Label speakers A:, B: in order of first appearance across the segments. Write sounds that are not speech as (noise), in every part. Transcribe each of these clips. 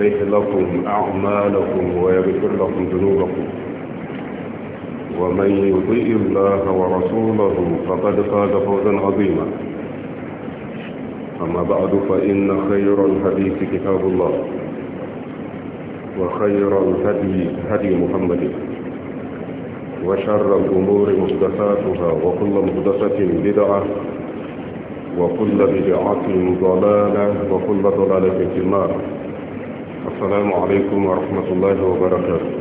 A: يصلح لكم أعمالكم ويغفر لكم ذنوبكم ومن يطيع الله ورسوله فقد فاز فوزا عظيما أما بعد فإن خير الحديث كتاب الله وخير الهدي هدي محمد وشر الأمور محدثاتها وكل محدثة بدعة وكل بدعة ضلالة وكل ضلالة في النار السلام عليكم ورحمة الله وبركاته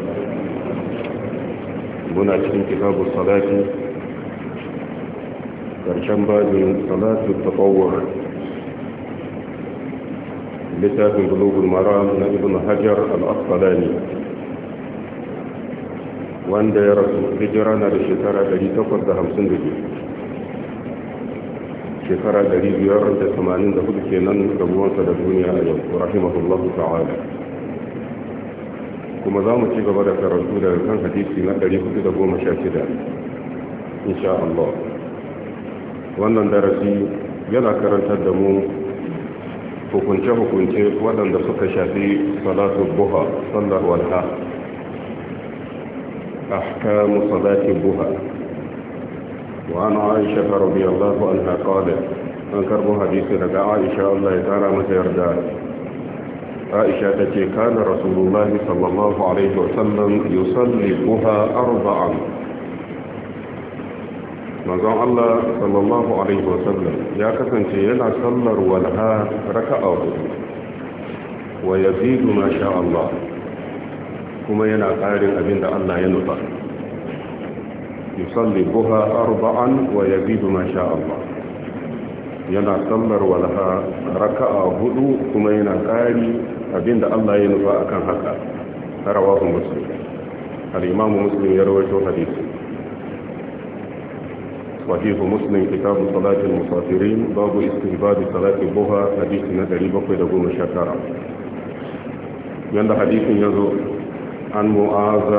A: هنا تكون كتاب الصلاة كرشان من صلاة التطوع لتاب قلوب المرام ابن هجر الأصلاني وأن يرسل هجرانا لتفرد همسندجي shekara 584 kenan rabuwansa da duniya a yau rahimahullahu ta'ala kuma za mu ci gaba da karatu daga kan hadisi na da goma 416 insha Allah wannan darasi yana karantar da mu hukunce-hukunce waɗanda suka shafi salatu buha sallar walha ahkamu Salatu buha وعن عائشة رضي الله عنها قالت an karbo hadisi daga aisha Allah ya tara mata yarda aisha ta ce kana rasulullahi sallallahu alaihi wasallam yusalli buha arba'an manzon Allah sallallahu alaihi wasallam ya kasance yana sallar walha raka'a hudu wa yazidu ma sha Allah kuma yana ƙarin abinda Allah ya nufa يصلي بها أربعا ويزيد ما شاء الله ينا صلر ولها ركع هدو كما ينا قاري أبين الله ينفع أكان حقا رواه مسلم الإمام مسلم يروي شو حديث صحيح مسلم كتاب صلاة المسافرين باب استهباد صلاة بها حديث نجري بقي دقوم شكرا ينا حديث يزو عن معاذ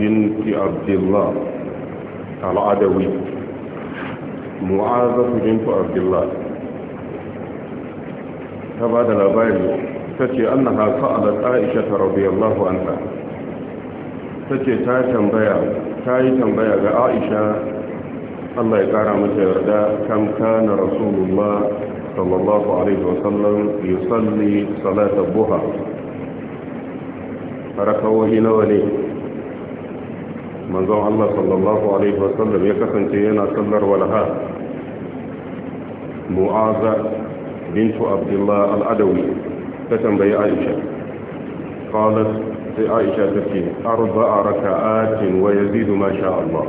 A: بنت عبد الله al'adawi su bintu abdullah ta ba da labari ta ce annaha sa'alat aisha ta rabu Yallahu anha ta ce ta tambaya ta yi tambaya ga aisha Allah ya kara mata yarda kam kana rasulullah sallallahu alaihi wasallam salli, salata buha rakawoyi nawa ne manzon Allah sallallahu alaihi wasallam ya kasance yana sallar walha mu'aza bintu abdullah al-adawi ta tambayi aisha qalat sai aisha ta ce arba'a raka'atin wa yazidu ma sha Allah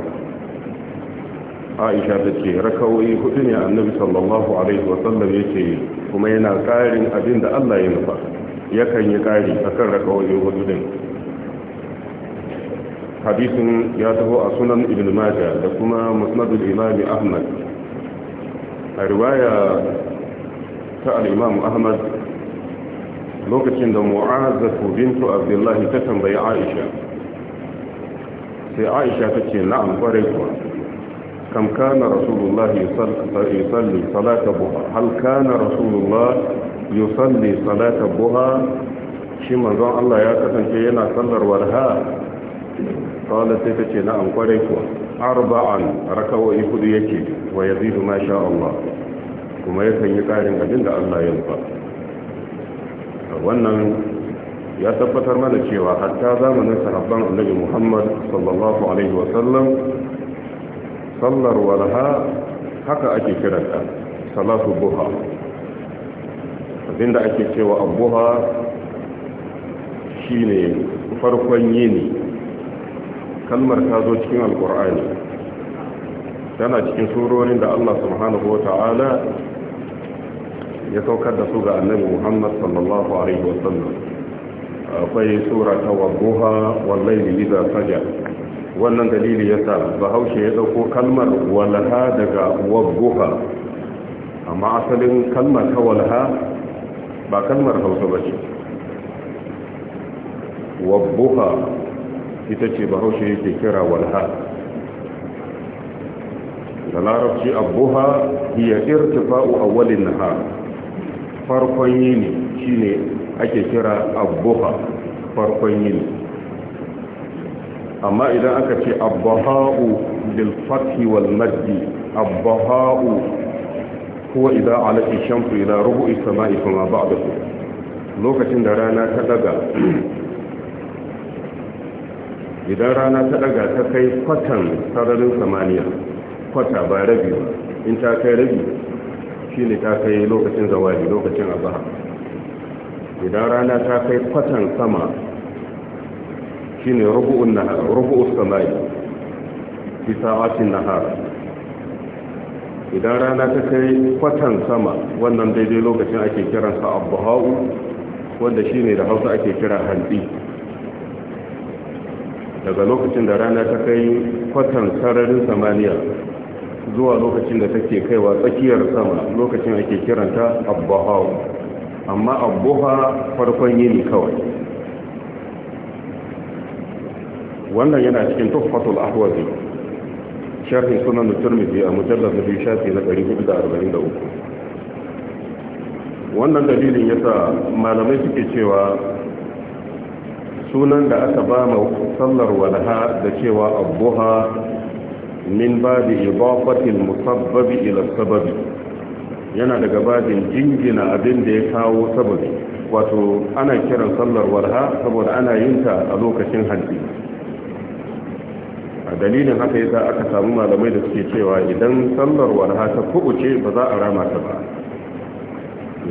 A: aisha ta ce rakawai hudu ne annabi sallallahu alaihi wasallam yake kuma yana karin abinda Allah ya nufa yakan yi kari akan rakawai hudu din hadisin ya taho a sunan ibn da kuma musnadul imami ahmad a riwaya ta al-imam ahmad lokacin da mu'azzatu bintu abdullahi ta tambayi aisha sai aisha ta ce na'am kwarai kuwa kam kana rasulullah yusalli salata buha hal kana rasulullah yusalli salata buha shi manzon Allah ya kasance yana sallar warha kawai sai ta ce na'am kwarai kuwa arba'an rakawai hudu yake wa yazidu ma sha Allah kuma yakan yi ƙarin abin da Allah ya nufa wannan ya tabbatar mana cewa hatta zamanin sahabban annabi Muhammad sallallahu alaihi wa sallam sallar walha haka ake ta salatu buha abinda ake cewa abuha shine farkon yini kalmar ta zo cikin alkur'ani tana cikin surorin da Allah subhanahu wata'ala ya saukar da su ga annabi Muhammad sallallahu alaihi wasallam akwai sura ta wabuha wallahi idza saja wannan dalili yasa bahaushe ya dauko kalmar walaha daga wabuha amma asalin kalmar ta walaha ba kalmar Hausa ba bace wabuha ita ce bahaushe yake kira walha da larabci abuha hiya irtifa'u awwalin nahar farkon yini shine ake kira abuha farkon yini amma idan aka ce abuha'u bil fathi wal maddi abuha'u huwa idza alati shamsu ila rubu'i samai kuma ba'dahu lokacin da rana ta daga idan rana ta daga ta kai kwatan sararin samaniya kwata ba rabi in ta kai rabi shi ne ta kai lokacin zawari lokacin azhar idan rana ta kai kwatan sama ne rubu'un nahar rubu'us samai fi sa'atin nahar idan rana ta kai kwatan sama wannan daidai lokacin ake kiransa abu hau wanda ne da hausa ake kira hantsi daga lokacin da rana ta kai kwatan sararin samaniya zuwa lokacin da take kaiwa tsakiyar sama lokacin ake kiranta abbaha amma abbuha farkon yini kawai wannan yana cikin tuhfatul ahwazi sharhi sunan turmizi a mujallar da biyu shafi na 443 wannan dalilin yasa malamai suke cewa sunan da aka ba ma sallar walha da cewa abuha min babi idafatil musabbabi ila sababi yana daga babin jingina abin da ya kawo sababi wato ana kiran sallar walha saboda ana yin ta a lokacin hajji a dalilin haka yasa aka samu malamai da suke cewa idan sallar walha ta kubuce ba za a rama ta ba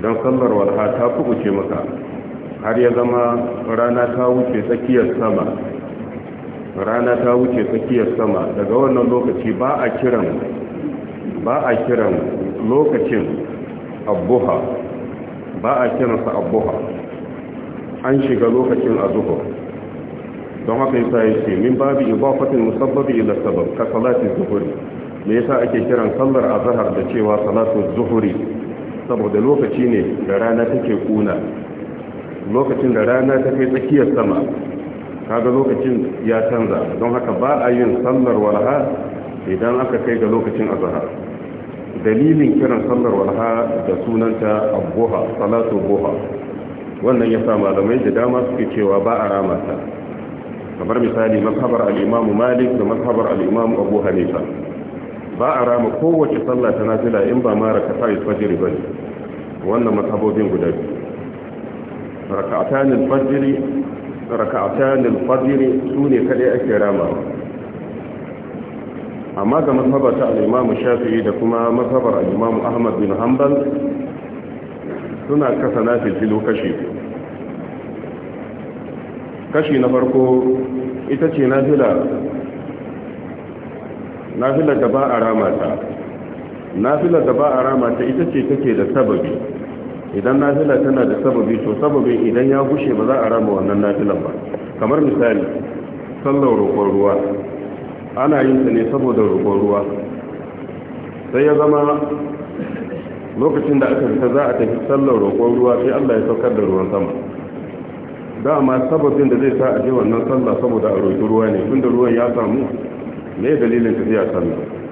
A: idan sallar walha ta kubuce maka har ya zama rana ta wuce tsakiyar sama rana ta wuce tsakiyar sama daga wannan lokaci ba a kiran ba a kiran lokacin abuha ba a kiransa abuha an shiga lokacin azuhur don haka yasa yake min babu ibafatin musabbabi ila sabab ka salatin zuhuri me yasa ake kiran sallar azhar da cewa salatu zuhuri saboda lokaci ne da rana take kuna lokacin da rana ta kai tsakiyar sama kaga lokacin ya canza don haka ba a yin sallar walha idan aka kai ga lokacin azhar dalilin kiran sallar walha da sunanta abuha salatu buha wannan ya sa malamai da dama suke cewa ba a rama ta kamar misali mazhabar al imam malik da mazhabar al imam abu hanifa ba a rama kowace sallah ta nafila in ba mara kafa isfajiri bane wannan mazhabobin guda biyu raka'atan al-fajr sune kadai ake ramawa amma ga mazhabar ta al-Imam da kuma mazhabar al-Imam Ahmad bin Hanbal suna kasa kashi kashi na farko ita ce nafila nafila da ba a ramata nafila da ba a ita ce take da sababi idan nafila tana da sababi to sababi idan ya gushe ba za a rama wannan nafilan ba kamar misali sallar roƙon ruwa ana yin ta ne saboda roƙon ruwa sai ya zama lokacin da aka fita za a tafi sallar roƙon ruwa sai Allah ya saukar da ruwan sama dama sababin da zai sa a je wannan sallah saboda a roƙi ruwa ne da ruwan ya samu me dalilin tafiya sallah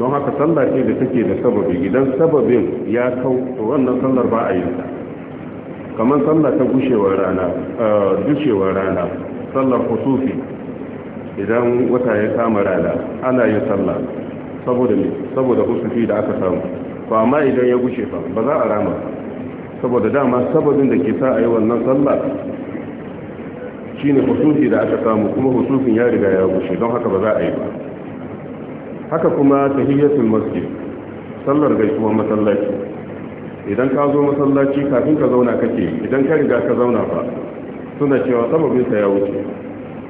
A: don haka sallah ce da take da sababi idan sababin ya kau to wannan sallar ba a yi ta kamar sallah ta gushewar rana dushewar rana sallar kusufi idan wata ya kama rana ana yin sallah saboda ne saboda kusufi da aka samu to amma idan ya gushe fa ba za a rama saboda dama sababin da ke sa a yi wannan sallah shine kusufi da aka samu kuma kusufin ya riga ya gushe don haka ba za a yi ba haka kuma tahiyyatul masjid sallar gaisuwar masallaci idan ka zo masallaci kafin ka zauna kake idan ka riga ka zauna fa suna cewa sababin sa ya wuce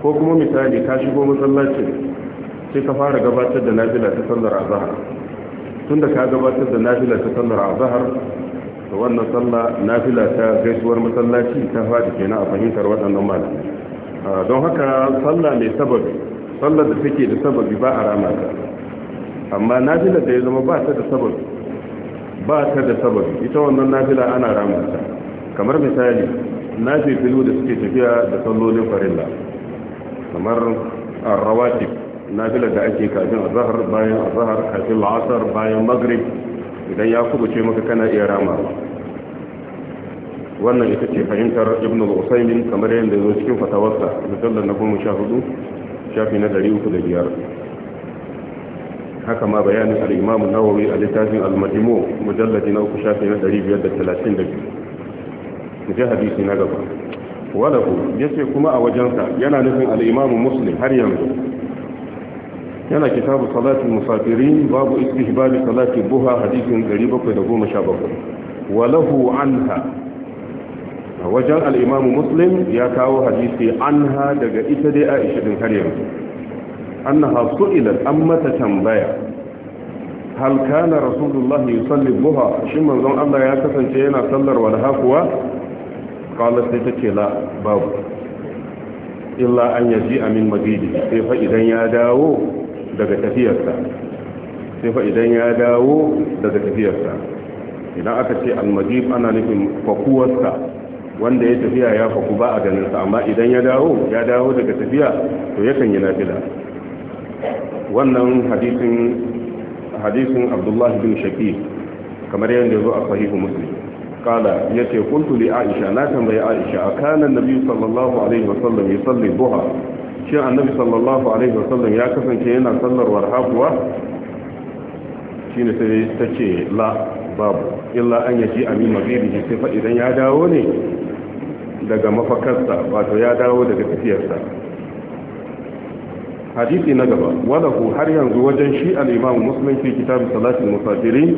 A: ko kuma misali ka shigo masallacin sai ka fara gabatar da nafila ta sallar azhar tunda ka gabatar da nafila ta sallar azhar to wannan sallah nafila ta gaisuwar masallaci ta fadi kenan a fahimtar waɗannan malamai ah, don haka sallah mai sababi sallar da take da sababi ba a rama ta amma nafilar da ya zama ba ta da sababi ba ta da sabon ita wannan nafila ana ramunta kamar misali nafifilu da suke tafiya da sallolin farilla kamar arrawatib nafilar da ake kafin zahar bayan zahar kafin la'asar bayan maghrib idan ya ce maka kana iya rama wannan ita ce fahimtar ibn al kamar yadda zo cikin fatawarsa mujallal na hudu shafi na 305 haka ma bayanin al-imam nawawi a littafin al-majmu mujallad na uku shafi na 532 ji hadisi na gaba walahu ce kuma a wajensa yana nufin al musulun har yanzu yana kitabu salati musafirin babu babu salati buha hadisin 717 walahu anha a wajen al musulun ya kawo hadisi anha daga ita dai a ishirin har yanzu annaha su'ilat an mata tambaya hal kana rasulullah yusalli duha shin manzon Allah ya kasance yana sallar walha kuwa qala sai tace la babu illa an yaji amin madidi sai fa idan ya dawo daga tafiyarsa sai fa idan ya dawo daga tafiyarsa idan aka ce almajib ana nufin fakuwarsa wanda ya tafiya ya faku ba a ganinsa amma idan ya dawo ya dawo daga tafiya to yakan yi nafila wannan hadisin abdullahi bin shaki kamar yadda zo a sahihu muslim kala ya ce kuntu li aisha na tambayi aisha a kanan nabi sallallahu alaihi wasallam ya salli duha shi annabi sallallahu alaihi wasallam ya kasance yana sallarwar warha kuwa shine sai ta ce la babu illa an yaji amin mabibi sai fa idan ya dawo ne daga mafakarsa wato ya dawo daga tafiyarsa hadisi na gaba walahu har yanzu wajen shi al-imam muslim fi kitab salatul musafirin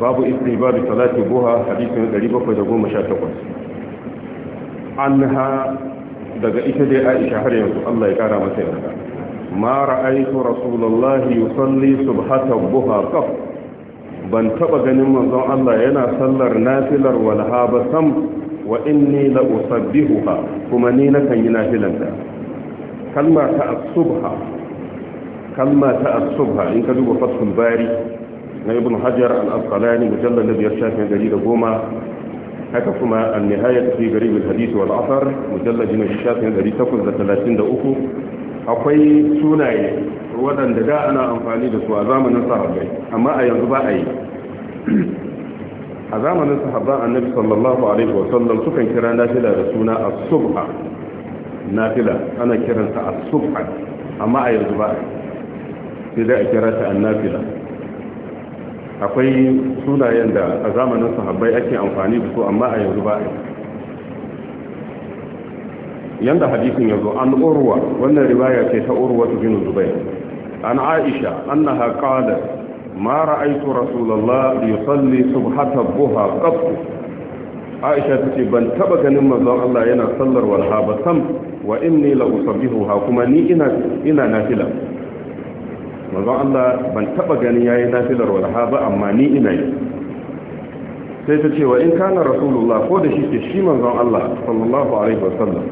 A: babu babu salati buha hadisi hadisin 718 anha daga ita dai Aisha har yanzu Allah ya kara mata yarda ma ra'aytu rasulullahi yusalli subhata buha qaf ban taba ganin manzon Allah yana sallar nafilar walha ba sam wa inni la usabbihuha kuma ni kan yi nafilanta kalma ta asubha kalma ta asubha in ka duba fathul bari na ibn hajar al-asqalani mujallal na biyar shafin gari da goma haka kuma an nihayat fi garib al-hadith wal athar mujallal na shafin gari takwas da talatin da uku akwai sunaye waɗanda da ana amfani da su a zamanin sahabbai amma a yanzu ba a yi a zamanin sahabban annabi sallallahu alaihi wasallam sukan kira nafila da suna as-subha nafila ana kiransa a subhan amma a yanzu ba sai dai a kiranta a nafila akwai sunayen da a zamanin sahabbai ake amfani da su amma a yanzu ba yanda hadisin yazo an urwa wannan riwaya ce ta urwa bin zubair an aisha annaha qalat ma ra'aytu rasulullah yusalli subhata buha qat aisha ce ban taba ganin manzon Allah yana sallar walha ba sam wa inni la usabbihuha kuma ni ina ina nafila manzo Allah ban taba ganin yayi nafilar walha ba amma ni ina yi sai ta ce wa in kana rasulullah ko da shi ke shi manzon Allah sallallahu alaihi wasallam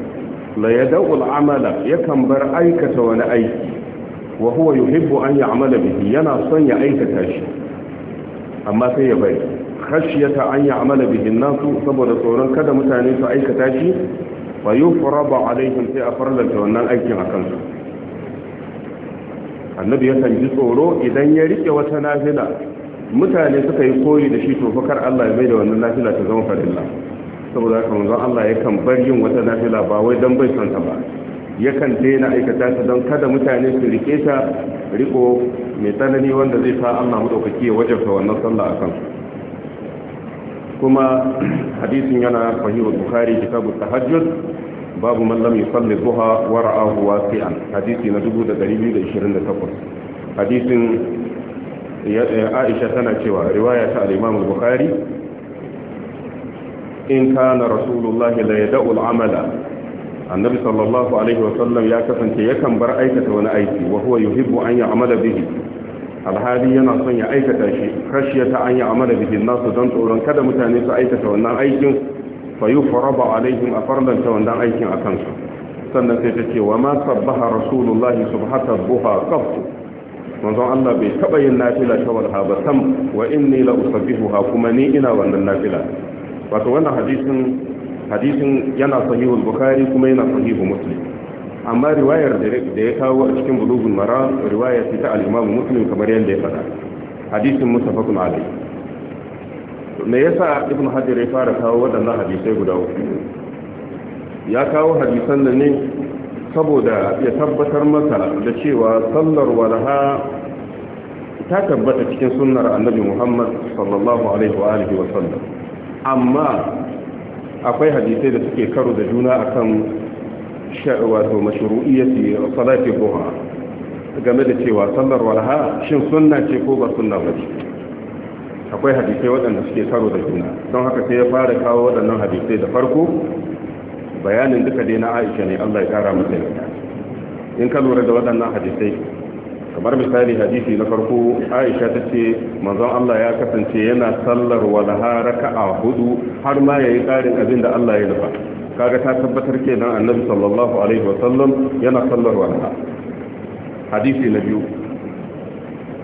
A: la yad'u al-amala yakan bar aikata wani aiki wa huwa yuhibbu an ya'mala bihi yana son ya aikata shi amma sai ya bari khashiyata an ya'mala bihi nasu saboda tsoron kada mutane su aikata shi fa yufraba alaihim sai a farlanta wannan aikin a kansu? annabi yakan ji tsoro idan ya rike wata nafila mutane suka yi koyi da shi to fakar Allah ya mai da wannan nafila ta zama farilla saboda haka manzon Allah ya kan bar yin wata nafila ba wai dan bai son ta ba yakan daina aikata ta don kada mutane su rike ta riko mai tsanani wanda zai sa Allah kiyaye ya sa wannan sallah a kansu. kuma hadisin yana sahihu bukhari kitabu tahajjud babu man lam yusalli duha wa ra'ahu wasi'an hadisi na 2228 hadisin Aisha tana cewa riwaya ta al-Imam in kana rasulullahi la yada'u al annabi sallallahu alaihi wa sallam ya kasance yakan bar aikata wani aiki wa huwa yuhibbu an ya'mala bihi alhali yana son ya aikata shi ta an ya'mala bihi nasu don tsoron kada mutane su aikata wannan aikin fa yufraba alaihim a ta wannan aikin akan su sannan sai ta ce wa ma sabbaha rasulullahi subhata buha qaftu manzon Allah bai taba yin nafila ta walha ba sam wa inni la usabbihuha kuma ni ina wannan nafila wato wannan hadisin hadisin yana sahihul bukhari kuma yana sahihu muslim amma riwayar da ya kawo a cikin bulugun mara riwayar ce ta al'imamu muslim kamar yadda ya faɗa hadisin mustafakun alai me yasa ibn hajar ya fara kawo waɗannan hadisai guda uku ya kawo hadisan da ne saboda ya tabbatar masa da cewa sallar walaha ta tabbata cikin sunnar annabi muhammad sallallahu alaihi wa alihi wa sallam amma akwai hadisai da suke karo da juna akan wato mashru'iyyati salati duha game da cewa sallar walha shin sunna ce ko ba sunna ba akwai hadisai waɗanda suke karo da juna don haka sai ya fara kawo waɗannan hadisai da farko bayanin duka dai na Aisha ne Allah ya kara mata in ka lura da waɗannan hadisai kamar misali hadisi na farko Aisha ta ce manzon Allah ya kasance yana sallar walha raka'a hudu har ma yayi ƙarin abin da Allah ya nufa kaga ta tabbatar kenan annabi sallallahu alaihi wasallam yana sallar walha hadisi na biyu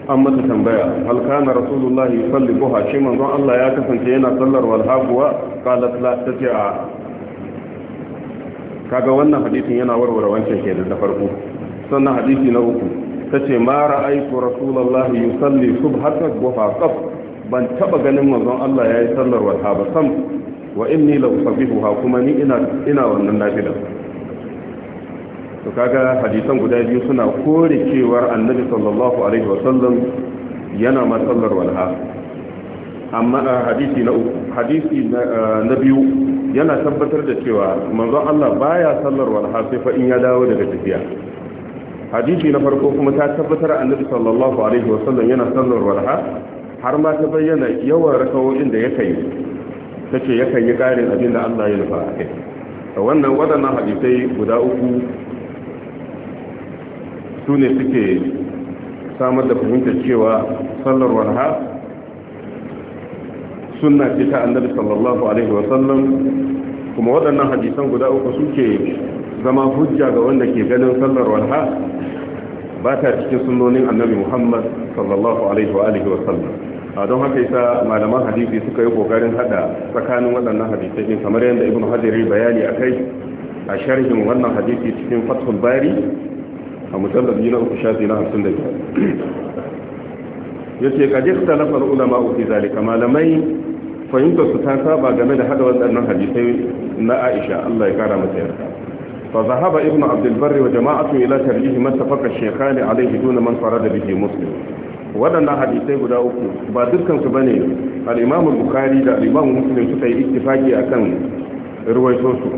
A: an mata tambaya hal kana rasulullah yusalli buha shi manzon Allah ya kasance yana sallar walha kuwa qalat la tace a kaga wannan hadisin yana warware wancan ke da farko sannan hadisi na uku tace ma ra'aytu rasulullah yusalli subhata buha qaf ban taba ganin manzon Allah yayi sallar walha ba sam wa inni la ha kuma ni ina ina wannan nafila to kaga hadisan guda biyu suna kore cewar annabi sallallahu alaihi wa sallam yana masallar walha amma ah, hadisi na hadisi ah, na biyu yana tabbatar da cewa manzon Allah baya sallar walha sai fa in ya dawo daga tafiya hadisi na farko kuma ta tabbatar annabi sallallahu alaihi wa sallam yana sallar walha har ma ta bayyana yawan rakawoyin da ya kai ta ce kan yi ƙarin abin da Allah ya nufa a kai wannan waɗannan hadisai guda uku su ne suke samar da fahimtar cewa sallar warha sunna ce ta annabi sallallahu alaihi wasallam kuma waɗannan hadisan guda uku suke zama hujja ga wanda ke ganin sallar warha ba ta cikin sunnonin annabi muhammad sallallahu alaihi wa alihi a don haka yasa malaman hadisi suka yi kokarin hada tsakanin waɗannan hadisai kamar yadda ibn hajar bayani a kai a sharhin wannan hadisi cikin fathul bari a mujallar na uku shafi na hamsin da biyar ya ce ka kaji talafar ulama uku zalika malamai fahimtar su ta saba game da hada waɗannan hadisai na aisha allah ya kara mata yarda fa zahaba ibnu abdul barri wa jama'atu ila tarjihi man tafaqa shaykhani alayhi duna man farada bihi muslim waɗannan hadisai guda uku ba dukkansu ba ne al'imamu bukari da al'imamu muslim suka yi ittifaki a kan su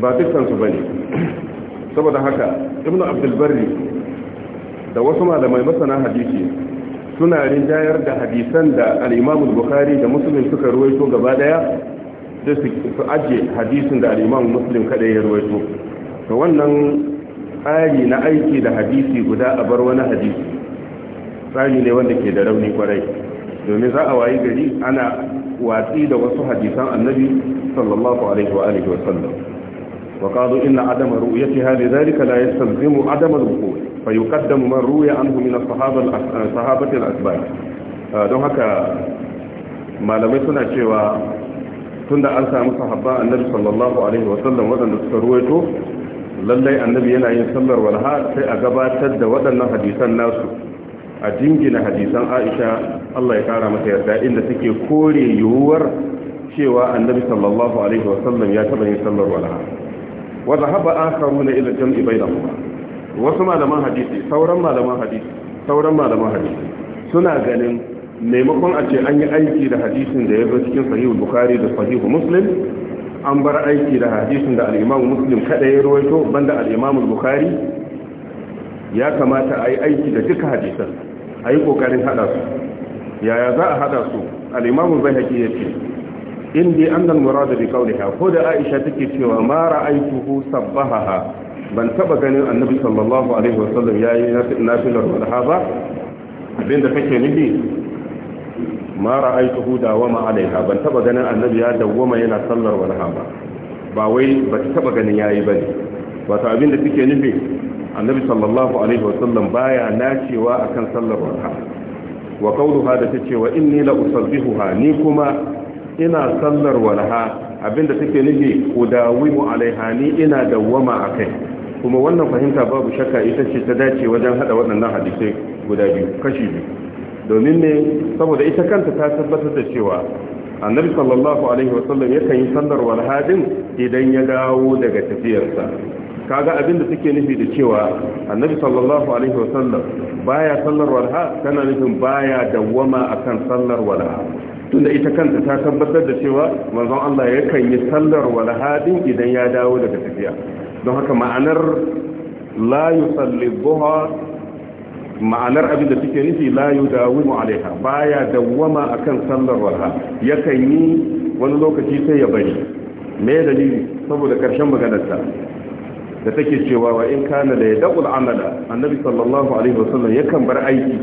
A: ba dukkansu ba ne saboda haka ibn abdulbari da wasu malamai masana hadisi suna rinjayar da hadisan da al'imamu bukari da muslim suka ruwaito gaba daya da su aje hadisin da al'imamu muslim kaɗai ya ruwaito to wannan tsari na aiki da hadisi guda a bar wani hadisi tsari ne wanda ke da rauni kwarai domin za a wayi gari ana watsi da wasu hadisan annabi sallallahu alaihi wa alihi wa sallam wa qalu inna adama ru'yatiha lidhalika la yastalzimu adama al-wuqu' fa yuqaddamu man ruya anhu min as-sahabati al-asbab ah, don haka malamai suna cewa tunda an samu sahabban annabi sallallahu alaihi wa sallam wadanda suka ruwaito lallai annabi yana yin sallar walha sai a gabatar da waɗannan hadisan nasu a jingina hadisan aisha allah ya kara mata yarda inda suke kore yiwuwar cewa annabi sallallahu alaihi wasallam ya taɓa yin sallar walaha wa zahaba akharuna ila jam'i bainahuma wasu malaman hadisi sauran malaman hadisi sauran malaman hadisi suna ganin maimakon a ce an yi aiki da hadisin da ya zo cikin sahihu bukhari da sahihu muslim an bar aiki da hadisin da al-imam muslim kada ya ruwaito banda al-imam bukhari ya kamata a yi aiki da duka hadisan a yi ƙoƙarin haɗa su yaya za a haɗa su al'imamu bai haƙi ya ce in dai an nan murada bi kauliha ko da aisha take cewa ma ra'aituhu sabbaha, ban taba ganin annabi sallallahu alaihi wasallam yayi nafilar wadha ba da kake nufi ma da wama alaiha ban taba ganin annabi ya dawama yana sallar wadha ba ba wai ba taba ganin yayi bane wato da kike nufi annabi sallallahu alaihi wasallam baya nacewa akan sallar wata wa qawluha da tace wa inni la usabbihuha ni kuma ina sallar walha abinda take nufi udawimu alaiha ni ina dawwama akai kuma wannan fahimta babu shakka ita ce ta dace wajen hada waɗannan hadisai guda biyu kashi biyu domin ne saboda ita kanta ta tabbatar da cewa annabi sallallahu alaihi wasallam yakan yi sallar din idan ya dawo daga tafiyarsa kaga abin da suke nufi da cewa annabi sallallahu alaihi wasallam baya sallar walha tana nufin baya dawwama akan sallar walha tunda ita kanta ta tabbatar da cewa manzon Allah yakan yi sallar walha din idan ya dawo daga tafiya don haka ma'anar la yusalli dhuha ma'anar abin da suke nufi la yudawimu alaiha baya dawwama akan sallar walha yakan yi wani lokaci sai ya bari me dalili saboda karshen maganarsa da take cewa wa in kana da yadul amala annabi sallallahu alaihi wasallam yakan bar aiki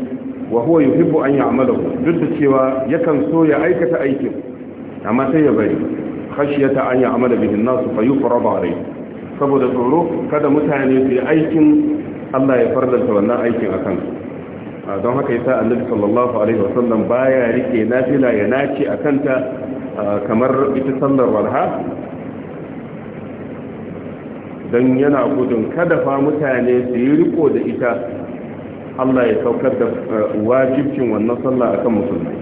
A: wa huwa yuhibbu an ya'malahu duk da cewa yakan so ya aikata aikin amma sai ya bari khashiyata an ya'mala bihi an-nas fa yufrada alayhi saboda tsoro kada mutane su yi aikin Allah ya farlanta wannan aikin akan su don haka yasa annabi sallallahu alaihi wasallam baya rike nafila ya nace akanta kamar ita sallar walha don yana gudun kada fa mutane su yi riko da ita Allah ya saukar da eh, wajibcin wannan sallah akan musulmai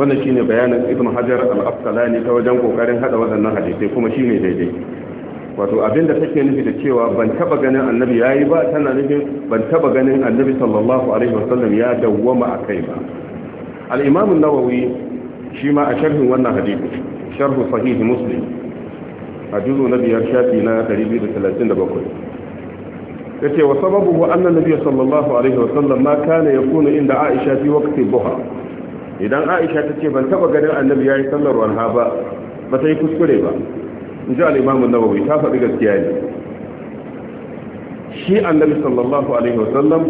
A: wannan shine bayanin ibn hajar al-asqalani ta wajen kokarin hada waɗannan hadisai kuma shine daidai wato abinda take nufi da cewa ban taba ganin annabi yayi ba tana nufin ban taba ganin annabi sallallahu alaihi wasallam ya dawwama kai ba al-imam an-nawawi shi ma a sharhin wannan hadisi sharh sahih muslim a juzu na biyar shafi na 237 ya ce wa sababu wa annan nabi sallallahu alaihi wa sallam ma kana ya kuna inda aisha fi wakati buha idan aisha ta ce ban taba ganin annabi yi sallar wanha ba ba ta yi kuskure ba in ji al-imam an-nawawi ta faɗi gaskiya ne shi annabi sallallahu alaihi wa sallam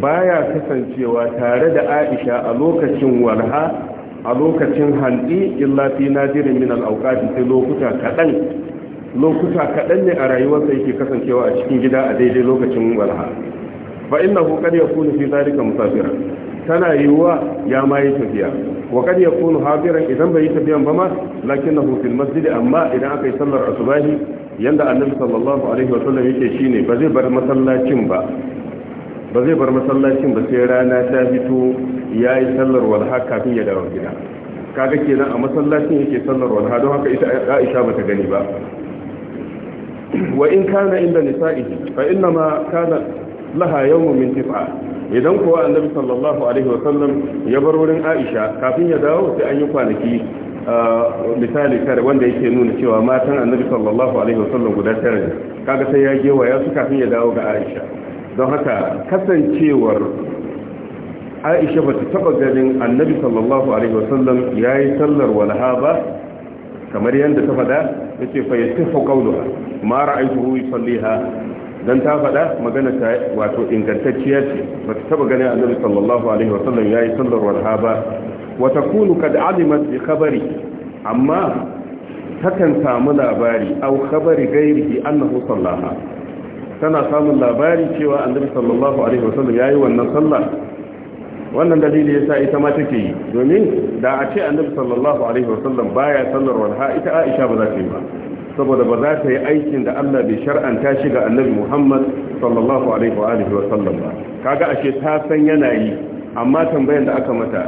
A: baya kasancewa tare da aisha a lokacin walha a lokacin hantsi illa fi nadirin min al sai lokuta kaɗan. lokuta kaɗan ne a rayuwarsa yake kasancewa a cikin gida a daidai lokacin walha fa innahu qad yakunu fi dhalika musafira tana yiwuwa ya ma yi tafiya wa qad yakunu hadiran idan bai yi tafiyan ba ma lakinnahu fil masjid amma idan aka yi sallar asubahi yanda annabi sallallahu alaihi wa sallam yake shine ba zai bar masallacin ba ba zai bar masallacin ba sai rana ta fito ya yi sallar walha kafin ya dawo gida kaga kenan a masallacin yake sallar walha don haka ita aisha bata gani ba wa in kana inda nisa'i fa inna ma kana laha yawm min tif'a idan kuwa annabi sallallahu alaihi wa sallam ya bar wurin aisha kafin ya dawo sai an yi kwanaki misali kare wanda yake nuna cewa matan annabi sallallahu alaihi wa sallam guda tara kaga sai ya gewa ya su kafin ya dawo ga aisha don haka kasancewar aisha ba ta taba ganin annabi sallallahu alaihi wasallam ya yi tallar walha ba kamar yadda ta faɗa ya ce fa ya tafa ƙaunuwa ma ra'aituhu yi salliha don ta faɗa magana ta wato ingantacciya ce ba ta taba ganin annabi sallallahu alaihi wasallam ya yi tallar walha ba wata kunu kad alimat bi khabari amma takan samu labari au khabari gairihi annahu sallaha tana samun labari cewa annabi sallallahu alaihi wasallam yayi wannan sallah wannan dalili yasa ita ma take yi domin da a ce annabi sallallahu alaihi wasallam baya sallar walha ita Aisha ba za ta yi ba saboda ba za ta yi aikin da Allah bai shar'anta shi ga annabi Muhammad sallallahu alaihi wa alihi wasallam ba kaga ashe ta san yana yi amma tambayar da aka mata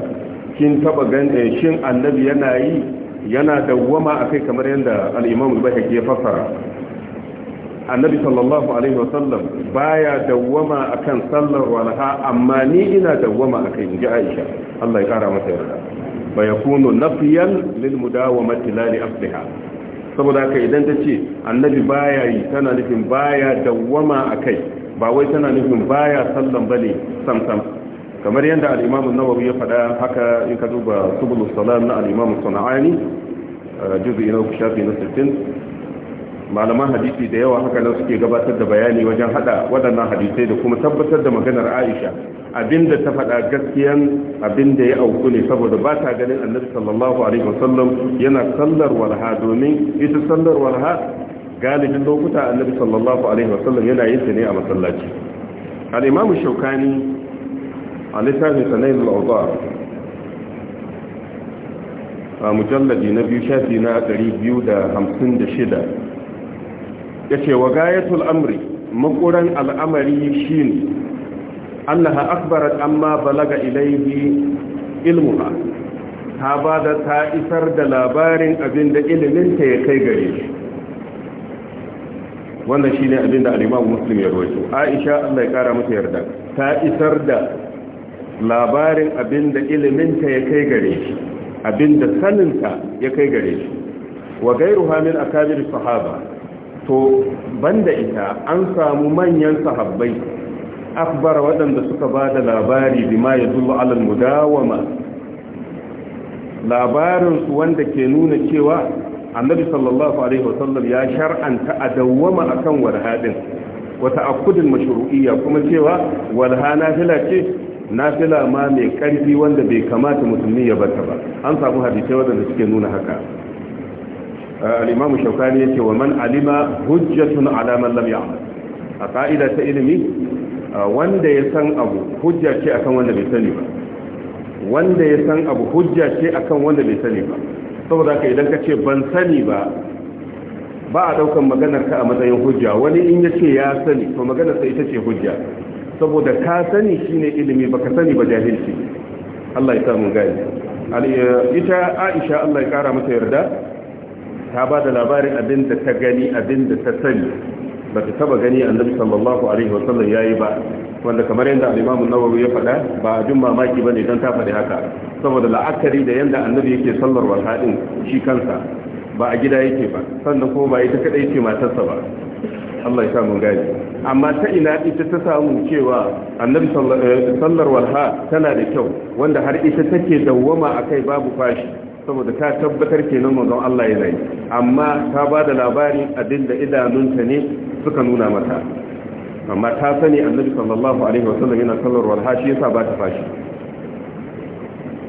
A: kin taba ganin eh, shin annabi yana yi yana dawwama akai kamar yadda al-Imam al ya fassara annabi sallallahu alaihi wasallam baya dawwama akan sallar walaha amma ni ina dawwama akan inji Aisha Allah ya kara mata yarda ba yakunu nafiyan lil mudawamati la li saboda kai idan ta ce annabi baya yi tana nufin baya dawwama akai ba wai tana nufin baya sallan bane sam sam kamar yadda al-Imam an-Nawawi ya faɗa haka in ka duba subul salam na al-Imam Sunani uh, juz'i na malaman hadisi da yawa haka nan suke gabatar da bayani wajen hada waɗannan hadisai da kuma tabbatar da maganar Aisha abinda ta faɗa gaskiyan abinda ya auku ne saboda ba ta ganin Annabi sallallahu alaihi wasallam yana sallar walha domin ita sallar walha galibin lokuta Annabi sallallahu alaihi wasallam yana yin ta ne a masallaci al-Imam Shawkani a littafin Sanayin al a mujalladi na biyu shafi na 256 yace wa gayatul amri makuran al'amari shine annaha akbarat amma balaga ilaihi ilmuna ta ba da ta isar da labarin abin da iliminta ya kai gare shi wannan shi ne abin da al-Imam Muslim ya rawaito Aisha Allah ya ƙara mata yarda ta isar da labarin abin da iliminta ya kai gare shi abin da saninta ya kai gare shi wa gairuha a akabir sahaba to banda ita an samu manyan sahabbai akbar waɗanda suka ba da labari bima ya zuwa alal mudawama labarinsu wanda ke nuna cewa annabi sallallahu alaihi wasallam ya shar'anta a dawwama akan walhadin wata akudin mashru'iyya kuma cewa walha nafila ce nafila ma mai karfi wanda bai kamata musulmi ya bata ba an samu hadisai waɗanda suke nuna haka al-imam shaukani ce wa man alima hujjatun ala man a ka'ida ta ilimi wanda ya san abu hujja ce akan wanda bai sani ba wanda ya san abu hujja ce akan wanda bai sani ba saboda ka idan ka ce ban sani ba ba a ɗaukan maganar ka a matsayin hujja wani in ya ce ya sani to maganar sa ita ce hujja saboda ka sani shine ilimi baka sani ba jahilci Allah ya samu gani ita Aisha Allah ya kara mata yarda ta ba da labarin abin da ta gani abin da ta sani ba ta taba gani annabi sallallahu alaihi wa sallam yayi ba wanda kamar yadda al-Imam an-Nawawi ya faɗa ba abin mamaki bane dan ta faɗi haka saboda la'akari da yanda annabi yake sallar wata din shi kansa ba a gida yake ba sannan ko ba ita kadai ce matarsa ba Allah ya sa samu gani amma ta ina ita ta samu cewa annabi sallar eh, walha tana da kyau wanda har ita take dawwama akai babu fashi saboda ta tabbatar kenan manzon Allah ya yi amma ta ba da labari da idanunta ne suka nuna mata amma ta sani annabi sallallahu alaihi wasallam yana sallarwar hashi yasa ba ta fashi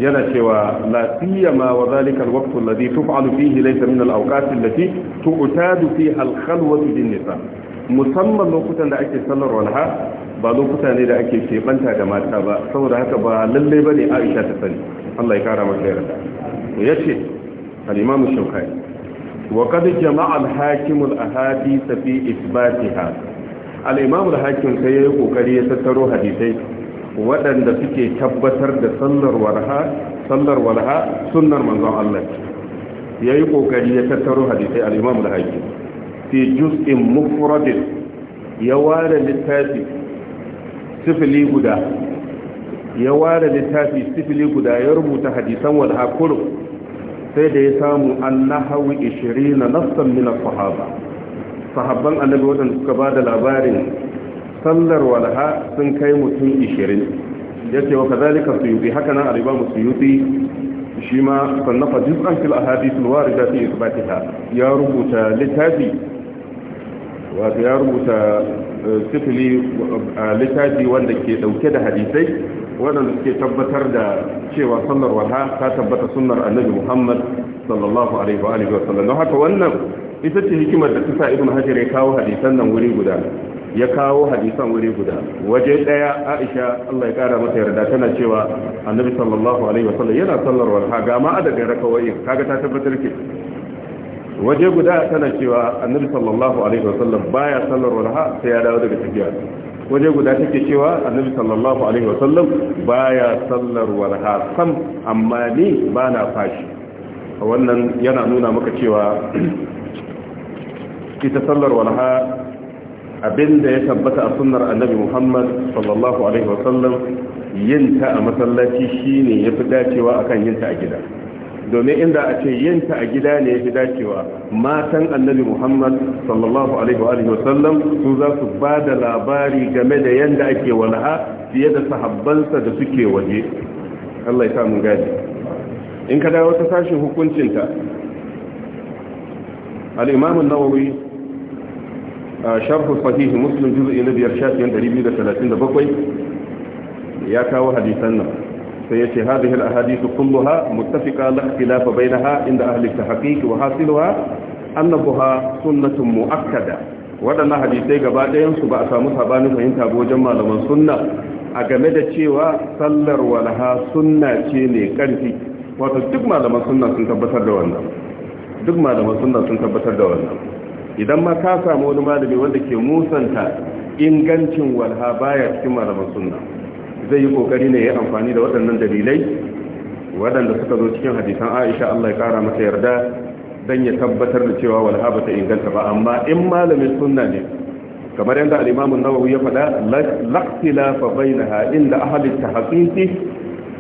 A: yana cewa la siyama wa zalika alwaqt alladhi tuf'alu fihi laysa min alawqat allati tu'tadu fiha alkhalwatu bin nisa musamman lokutan da ake sallar walha ba lokuta ne da ake keɓanta da mata ba saboda haka ba lallai ba ne aisha ta sani allah ya kara mata yarda ya ce al'imamu shaukai wa jama'al hakimul ahadi tafi isbatiha al'imamu da hakim sai ya yi kokari ya tattaro hadisai waɗanda suke tabbatar da sallar walha sunnar manzon Allah ya yi ƙoƙari ya tattaro hadisai al'imamu da hakim fi jus'in mufradin ya ware littafi sifili guda ya ware littafi sifili guda ya rubuta hadisan wal hakuru sai da ya samu annahawi 20 na nassan min sahaba sahabban annabi wadanda suka ba da labarin sallar walha sun kai mutum 20 yace wa kadhalika suyuti haka nan al-imam suyuti shi ma sannafa juz'an fil ahadith al-warida fi isbatiha ya rubuta littafi wato ya rubuta eh, sifili eh, littafi wanda ke dauke da hadisai waɗanda suke tabbatar da cewa sallar wata ta tabbata sunnar annabi muhammad sallallahu alaihi wa alihi wa sallam don haka wannan ita ce hikimar da tusa ibn hajar ya kawo hadisan nan wuri guda ya kawo hadisan wuri guda waje daya aisha Allah ya ƙara mata yarda tana cewa annabi sallallahu alaihi wa sallam yana sallar wata ga ma adadin rakawoyin kaga ta tabbatar ke waje guda tana cewa annabi sallallahu alaihi wa sallam baya sallar wata sai ya dawo daga tafiya waje guda take cewa annabi sallallahu alaihi wasallam baya sallar walha sam amma ni bana fashi wannan yana nuna maka cewa (clears throat) ita sallar walha abinda ya tabbata a sunnar annabi muhammad sallallahu alaihi wasallam yinta a masallaci shine yafi dacewa akan yinta a gida domin inda a ce yinta a gida ne ya fi dacewa matan annabi muhammad sallallahu alaihi wa sallam sun za su ba da labari game da yadda ake walaha fiye da sahabbansa da suke waje allah ya sa mun gadi in ka dawo ta sashin hukuncinta al-imam an-nawawi sharh sahih muslim juz'i na biyar shafin 237 ya kawo hadisan nan sai yace hadhihi al-ahadith kulluha muttafiqa la ikhtilafa bainaha inda ahli tahqiq wa hasiluha annaha sunnatun muakkada wadannan hadisai gaba ɗayan su ba a samu sabanin fahimta ba wajen malaman sunna a game da cewa sallar walaha sunna ce ne karfi wato duk malaman sunna sun tabbatar da wannan duk malaman sunna sun tabbatar da wannan idan ma ka samu wani malami wanda ke musanta ingancin walha baya cikin malaman sunna zai yi kokari ne ya amfani da waɗannan dalilai waɗanda suka zo cikin hadisan Aisha Allah ya kara masa yarda don ya tabbatar da cewa walha ta inganta ba amma in malamin sunna ne kamar yadda al nawawi ya faɗa laqtilafa bainaha inda ahli tahqiqi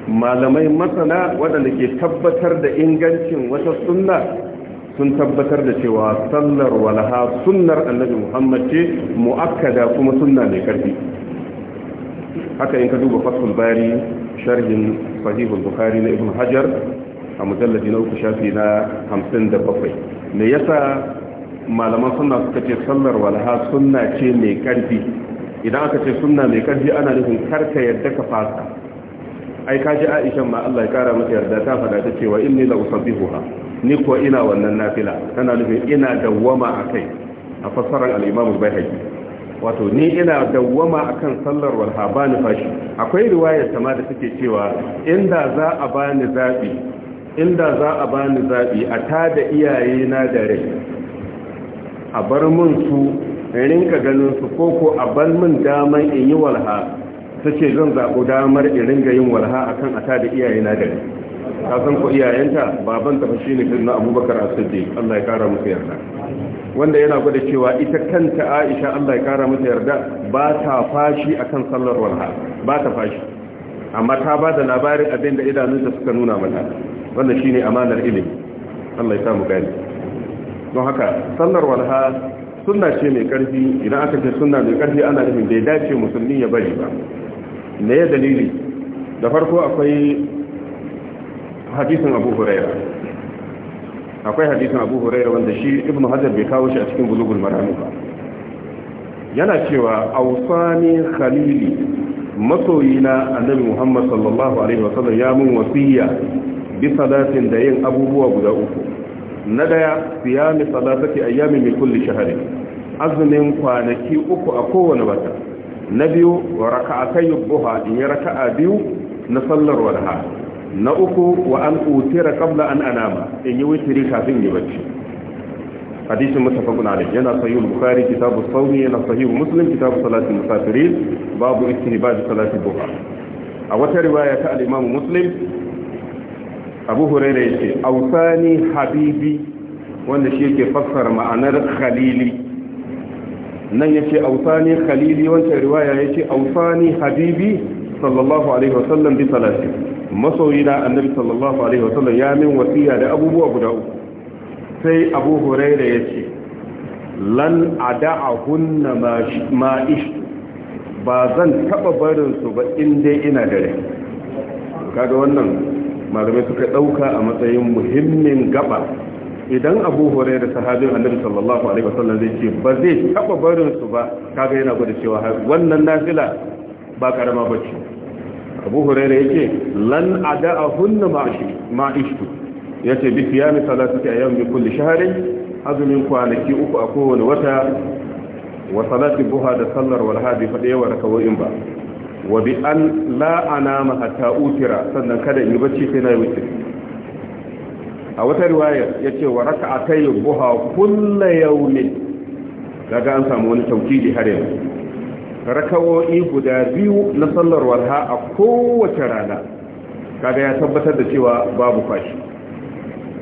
A: malamai masana waɗanda ke tabbatar da ingancin wata sunna sun tabbatar da cewa sallar walaha sunnar annabi Muhammad ce mu'akkada kuma sunna mai karfi haka in ka duba fathul bari sharhin sahihul bukhari na ibn hajar a mujallabi na uku shafi na hamsin da bakwai me yasa malaman suna suka ce sallar walha sunna ce mai karfi idan aka ce sunna mai karfi ana nufin karka yadda ka fasa ai ji aisha ma Allah ya kara mata yarda ta fada ta cewa inni la usabbihuha ni ko ina wannan nafila tana nufin ina dawwama akai a fassarar al-imam al-baihaqi wato ni ina dawwama akan sallar walha ba ni fashi akwai riwayar sama da suke cewa inda za a bani zabi inda za a bani zabi a tada iyaye na da rai a bar mun su rinka ganin su koko a bar mun damar in yi walha ta ce zan zaɓo damar in ringa yin walha akan a tada iyaye na da rai ka san ko iyayenta baban ta fashi ne firna abubakar a sirri allah ya kara musu yarda wanda yana gwada cewa ita kanta Aisha Allah ya kara mata yarda ba ta fashi akan sallar walha ba ta fashi amma ta ba da labarin abin da idanunta suka nuna mata wannan shine amanar ilimi Allah ya samu gani don haka sallar walha suna ce mai ƙarfi idan aka ce sunna mai ƙarfi ana nufin bai dace musulmi ya bari ba me ya dalili da farko akwai hadisin Abu Hurairah akwai hadisin abu huraira wanda shi ibn hajar bai kawo shi a cikin bulugul marami ba yana cewa ausani khalili masoyina annabi muhammad sallallahu alaihi wasallam ya mun wasiya bi salatin da yin abubuwa guda uku na daya siyami salatati ayyamin min kulli shahri azumin kwanaki uku a kowane wata na biyu raka'atay duha in raka'a biyu na sallar wadha na uku wa an utira kabla an anama in yi witiri kafin yi bacci hadisin mutafaqun alayh yana sahih bukhari kitabu sawmi yana sahih muslim kitabu salati musafirin babu istihbab salati duha a wata riwaya ta al-imam muslim abu hurairah yace awsani habibi wanda shi yake fassara ma'anar khalili nan yace awsani khalili wanda riwaya yace awsani habibi sallallahu alaihi wasallam bi salati masoyina annabi sallallahu alaihi wa sallam ya min wasiya da abubuwa guda uku sai abu huraira ya ce lan da'a ma ma'ish ba zan taba barin ba in dai ina dare kaga wannan malamai suka ɗauka a matsayin muhimmin gaba idan abu huraira sahabin annabi sallallahu alaihi wa sallam zai ce ba zai taba barin su ba kaga yana gwada cewa wannan nafila ba karama bace abu huraira yake lan a ada'ahunna ma ishtu yace bi qiyam a yawon bi kulle shahrin azumin kwanaki uku a kowane wata wa salati buha da sallar walhadi faɗe yawa da yawa ba wa bi an la'ana ma hatta utira sannan kada in yi bacci sai na yi wuce a wata riwaya yace wa raka a kai buha yau ne daga an samu wani tauki har yanzu rakawo'i guda biyu na sallar walha a kowace rana kaga ya tabbatar da cewa babu fashi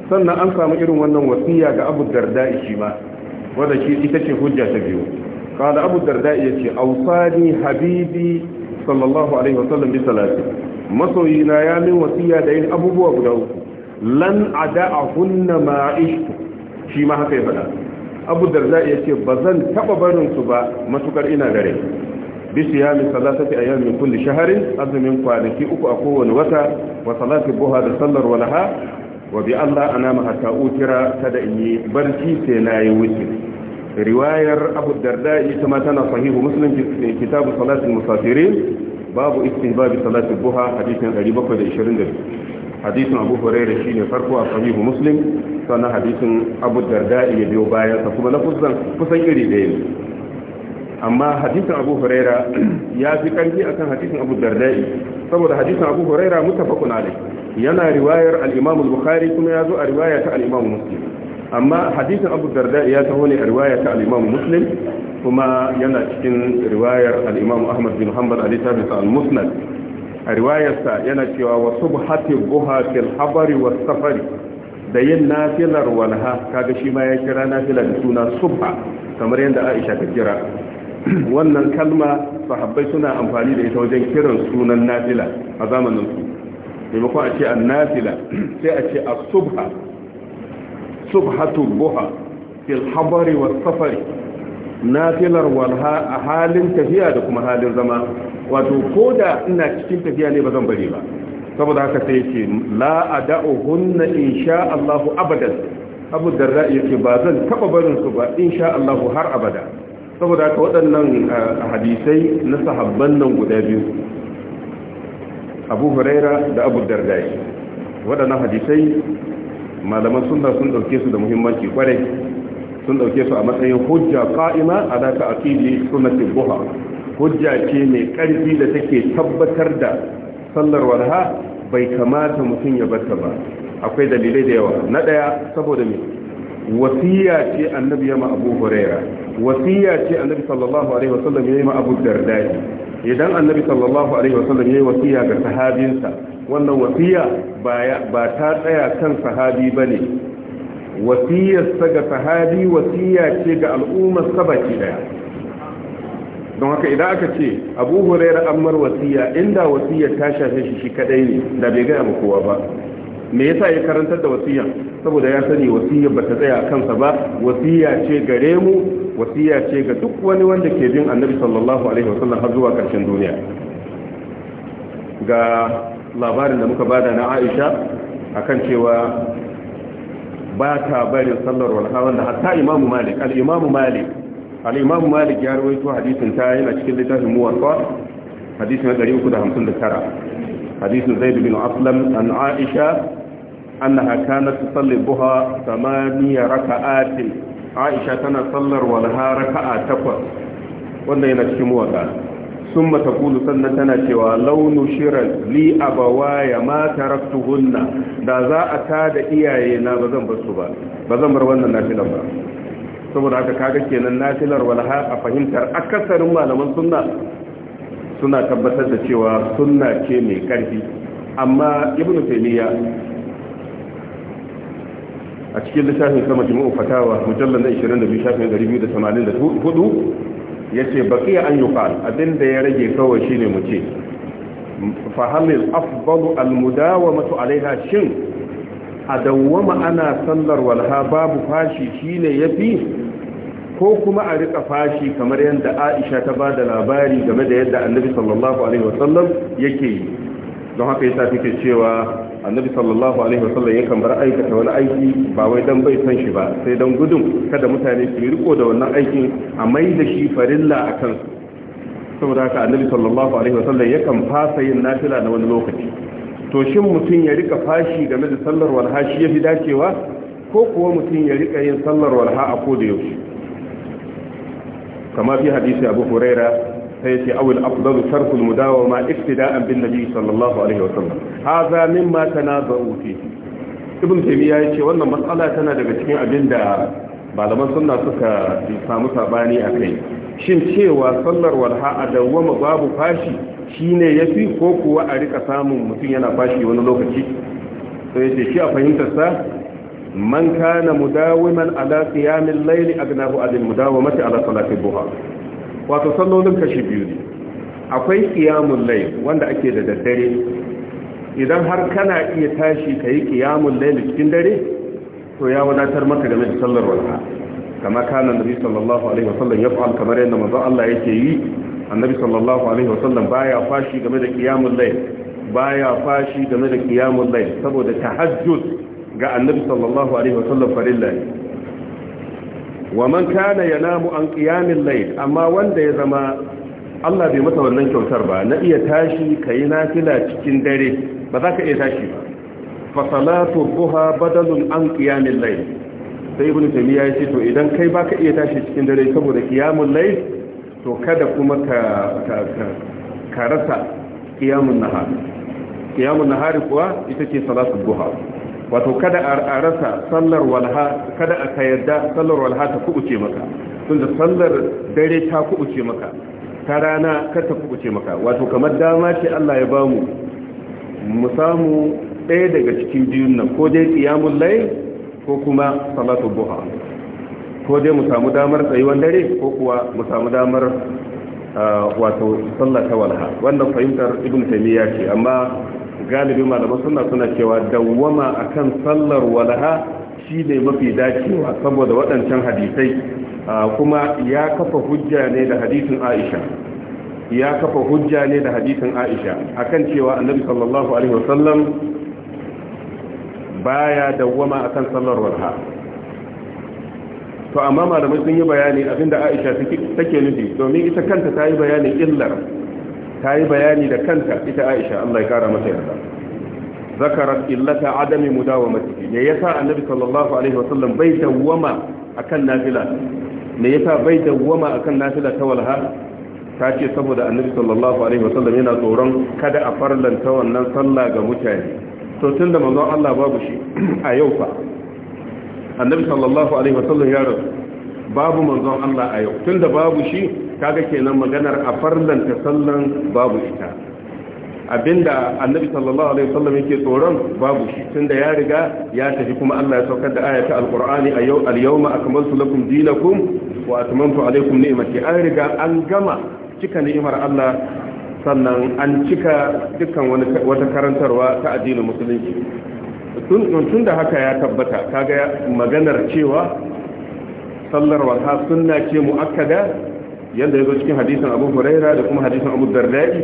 A: sannan an samu irin wannan wasiya ga abu Darda'i shi ma wanda shi ita ce hujja ta biyu kada abu Darda'i ya ce ausani habibi sallallahu alaihi wasallam bi salati masoyina ya min wasiya da yin abubuwa guda uku lan ada'ahunna ma'ishtu shi ma haka ya faɗa abu Darda'i ya ce ba zan taɓa barinsu ba matukar ina gare bi siyami salatati ayyamin kulli shahrin azumin kwanaki uku a kowane wata wa salati buha da sallar walaha wa bi Allah ana hatta utira kada in yi barci sai na yi wuce riwayar Abu Darda ita ma tana sahihu Muslim kitabu salatul musafirin babu istihbab salatul buha hadisin 722 hadisin abu huraira shine farko a sahihu muslim sannan hadisin abu ya biyo bayan kuma kusan iri ɗaya amma hadisin abu huraira (clears throat) ya fi karfi akan hadisin abu dardari saboda hadisin abu huraira mutafakun ne yana riwayar al-imam al-bukhari kuma ya a riwaya ta al-imam muslim amma hadisin abu dardari ya taho ne a riwaya ta al-imam muslim kuma yana cikin riwayar al-imam ahmad bin hanbal a littafin al-musnad a riwayarsa yana cewa wa subhati buha fil habari was safari da yin nafilar walha kaga shi ma ya kira da suna subha kamar yadda Aisha ta kira wannan kalma sahabbai suna amfani da ita wajen kiran sunan nafila a zamanin su maimakon a ce an nafila sai a ce a subha subhatul buha fil habari safari nafilar walha a halin tafiya da kuma halin zama wato ko da ina cikin tafiya ne ba zan bari ba saboda haka sai ce la in sha Allahu abadan Abu Darda yake ba zan taba barin su ba insha Allahu har abada saboda haka waɗannan hadisai na sahabban nan guda biyu abu huraira da abu dardai waɗannan hadisai malaman sunna sun ɗauke su da muhimmanci kwarai sun ɗauke su a matsayin hujja ƙa'ima a daga aƙili sunnatin buha hujja ce mai ƙarfi da take tabbatar da sallar warha bai kamata mutum ya bata ba akwai dalilai da yawa na ɗaya saboda mai wasiya ce annabi yama abu huraira wasiya ce annabi sallallahu alaihi wasallam yayi ma Abu Darda idan annabi sallallahu alaihi wasallam yayi wasiya ga sahabinsa wannan wasiya ba ta tsaya kan sahabi bane wasiyar sa ga sahabi wasiya ce ga al'ummar sabaki daya don haka idan aka ce Abu Hurairah ammar wasiya inda wasiyar ta shafe shi shi kadai ne da bai ga kowa ba me yasa ya karantar da wasiya saboda ya sani wasiya ba ta tsaya kansa ba wasiya ce gare mu wasiya ce ga duk wani wanda ke bin annabi sallallahu alaihi wasallam har zuwa karshen duniya ga labarin da muka bada na Aisha akan cewa ba ta barin sallar walha da hatta Imam Malik al-Imam Malik al-Imam Malik ya rawaito hadisin ta yana cikin littafin Muwatta na 359 حديث زيد بن أسلم عن عائشة أنها كانت تصلي بها ثمانية ركعات عائشة تنا صلر ولها ركعة تقوى وانا ينشموا ثم تقول سنة تنا شوى لو نشر لي أبوايا ما تركتهن دا ذا أتاد إياينا بذن بسوبا بذن بروانا نافلة با saboda haka kaga kenan nafilar walaha a fahimtar akasarin malaman sunna suna tabbatar da cewa suna ce mai ƙarfi amma ibn taymiya a cikin lissafin sama jimu'u fatawa mujallar na 22 shafin ya ce baƙiya an yi fa'al abinda ya rage kawai shi ne mu ce fahamil afbalu almudawa masu alaiha shin a dawwama ana sallar walha babu fashi shi ne ya fi ko kuma a rika fashi kamar yadda aisha ta ba da labari game da yadda annabi sallallahu alaihi wasallam yake yi don haka yasa take cewa annabi sallallahu alaihi wasallam kan bar aikata wani aiki ba wai dan bai san shi ba sai dan gudun kada mutane su riko da wannan aikin a mai da shi farilla a kansu saboda haka annabi sallallahu alaihi wasallam yakan fasa yin nafila na wani lokaci to shin mutum ya rika fashi game da sallar walha shi ya fi dacewa ko kuwa mutum ya rika yin sallar walha a koda yaushe kama fi hadisi abu huraira sai ce awil afdalu sarful mudawama iftida'an bin nabi sallallahu alaihi wa sallam hadha mimma tanaza'u fi ibn taymiya yace wannan matsala tana daga cikin abinda malaman sunna suka samu sabani kai. shin cewa sallar walha a dawwama babu fashi shi shine yafi ko kuwa a rika samun mutum yana fashi wani lokaci sai yace shi a fahimtarsa. man kana mudawiman ala qiyamil layli agnahu adil mudawamati ala salati duha wato sallolin kashi biyu ne akwai qiyamul layl wanda ake da daddare idan har kana iya tashi kai qiyamul layl cikin dare to ya wadatar maka game da sallar walha kama kana nabi sallallahu alaihi wasallam yaf'al kamar yadda manzo Allah yake yi annabi sallallahu alaihi wasallam baya fashi game da qiyamul layl baya fashi game da qiyamul layl saboda tahajjud ga annabi sallallahu alaihi wasallam farilla ne wa man kana yanamu an qiyamil layl amma wanda ya zama Allah bai masa wannan kyautar ba na iya tashi kai nafila cikin dare ba za ka iya tashi ba fa salatu duha badalun an qiyamil layl sai ibnu taymiya ya ce to idan kai baka iya tashi cikin dare saboda qiyamul layl to kada kuma ka ka rasa qiyamul nahar qiyamun nahar kuwa ita ce salatu duha wato kada a rasa sallar walha kada aka yarda sallar walha ta kubuce maka tunda sallar dare ta kubuce maka ta rana ka ta kubuce maka wato kamar dama ce Allah ya bamu mu samu ɗaya daga cikin biyun nan ko dai qiyamul layl ko kuma salatu duha ko dai mu samu damar tsayuwar dare ko kuwa mu samu damar ah, wato sallar ta walha wannan fahimtar ibnu taymiya ce amma galibi malaman suna suna cewa dawwama akan sallar walaha shi ne mafi dacewa saboda waɗancan hadisai ah, kuma ya kafa hujja ne da hadisin Aisha ya kafa hujja ne da hadisin Aisha akan cewa Annabi sallallahu alaihi wasallam baya dawwama akan sallar walaha to amma malamai sun yi bayani abinda Aisha take nufi domin ita kanta ta yi bayani illar ta yi bayani da kanta ita aisha Allah ya kara mata yarda zakarat illata adami mudawamati me yasa annabi sallallahu alaihi wasallam bai dawwama kan nafila me sa bai dawwama kan nafila ta walha ta ce saboda annabi sallallahu alaihi wasallam yana tsoron kada a farlanta wannan sallah ga mutane to tun da manzon Allah babu shi a yau fa annabi sallallahu alaihi wasallam ya rasu babu manzon Allah a yau Tun da babu shi kaga kenan maganar a farlanta sallan babu ita abinda annabi sallallahu alaihi wasallam yake tsoron babu shi tunda ya riga ya tafi kuma Allah ya saukar da ayata alqur'ani a yau al-yawma akmaltu lakum dinakum wa atmamtu alaykum ni'mati an riga an gama cika ni'imar Allah sannan an cika dukkan wani wata karantarwa ta addinin musulunci tun da haka ya tabbata kaga maganar cewa sallar wata sunna ce muakkada yadda ya zo cikin hadisin abu huraira da kuma hadisin abu dardai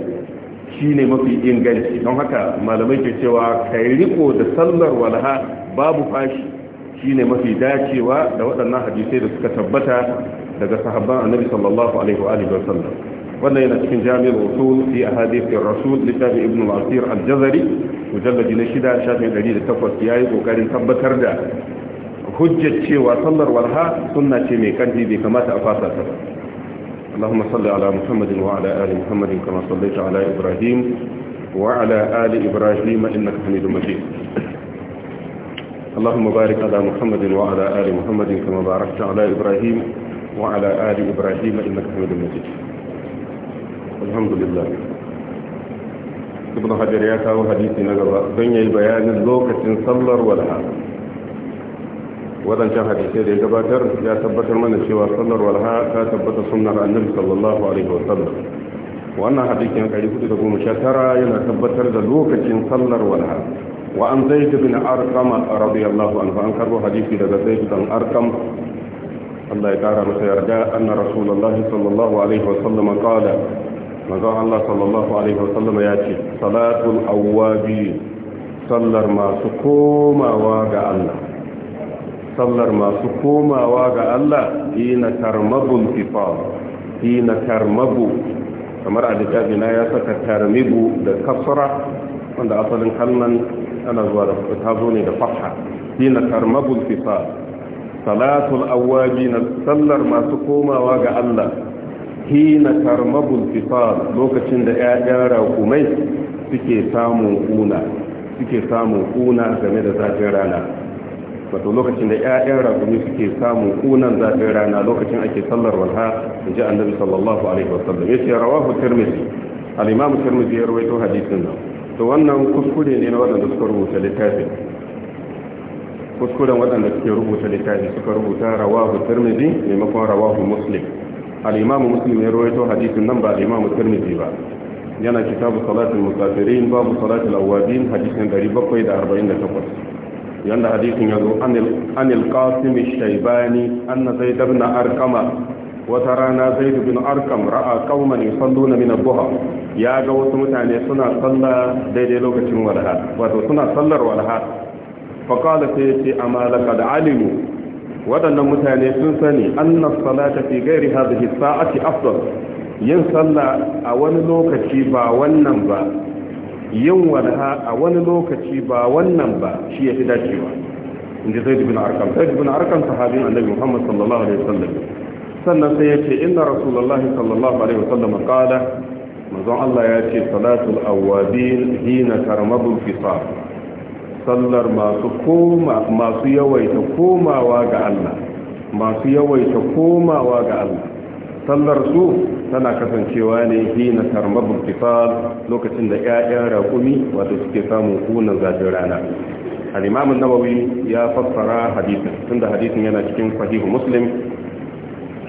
A: shine mafi inganci don haka malamai ke cewa kai riko da sallar walaha babu fashi shine mafi dacewa da waɗannan hadisai da suka tabbata daga sahabban annabi sallallahu alaihi wa alihi wa sallam wannan yana cikin jami'ar usul fi ahadithir rasul littafi ibn al-asir al-jazari na shida shafin 108 yayi kokarin tabbatar da hujjar cewa sallar walha sunna ce mai kanti bai kamata a fasa ta ba اللهم صل على محمد وعلى آل محمد كما صليت على إبراهيم وعلى آل إبراهيم إنك حميد مجيد اللهم بارك على محمد وعلى آل محمد كما باركت على إبراهيم وعلى آل إبراهيم إنك حميد مجيد الحمد لله ابن حجر يا كاو حديثي نغبا دنيا بيان لوكتين صلر والحال waɗancan hadisai da ya gabatar ya tabbatar mana cewa sallar walha ta tabbata sunnar annabi sallallahu alaihi wasallam wannan hadisin 419 yana tabbatar da lokacin sallar walha wa an zaid bin arqam radiyallahu anhu an karbo hadisi daga zaid bin arqam Allah ya kara masa yarda anna rasulullahi sallallahu alaihi wasallam qala manzon Allah sallallahu alaihi wasallam ya ce salatul awwabi sallar masu komawa ga Allah sallar masu komawa ga Allah karmabun tarmabul yi na karmabu kamar a littafi ya saka karmibu da kasura wanda asalin kalman ana zuwa da ta zo ne da yi na tarmabul fifal salatul na sallar masu komawa ga Allah na tarmabul fifa. lokacin da ƴaƴan rakumai suke samun kuna suke samun kuna game da zafin rana wato lokacin da ƴaƴan rakumi suke samun kunan zafin rana lokacin ake sallar walha in ji annabi sallallahu alaihi wasallam ya ce rawahu tirmidhi al-imam tirmidhi ya rawaito hadisin nan to wannan kuskure ne na waɗanda suka rubuta littafin kuskuren waɗanda suke rubuta littafi suka rubuta rawahu tirmidhi maimakon rawahu muslim al-imam muslim ya rawaito hadisin nan ba al-imam tirmidhi ba yana kitabu salatul musafirin babu salatul awabin hadisin 748 yanda hadisin ya zo anil qasim shaibani anna zaid ibn arkama wata rana zaid ibn arkam ra'a qauman yusalluna min ad-duha ya ga wasu mutane suna sallah daidai lokacin walha wato suna sallar walha fa qala sai amma laqad alimu waɗannan mutane sun sani anna salata fi ghairi hadhihi sa'ati afdal yin sallah a wani lokaci ba wannan ba yin walha a wani lokaci ba wannan ba shi ya fi dacewa inda zai dubin arkam zai dubin arkam sahabin annabi muhammad sallallahu alaihi wasallam sannan sai ya ce inna rasulullahi sallallahu alaihi wasallam qala manzon Allah ya ce salatul awabin hina tarmadul fisar sallar masu koma masu yawaita komawa ga Allah masu yawaita komawa ga Allah sallar su tana kasancewa ne hina tarmabul tifal lokacin da ƴaƴan raƙumi wato suke samun kunan zafin rana al-imam an-nawawi ya fassara hadisin tunda hadisin yana cikin sahihu muslim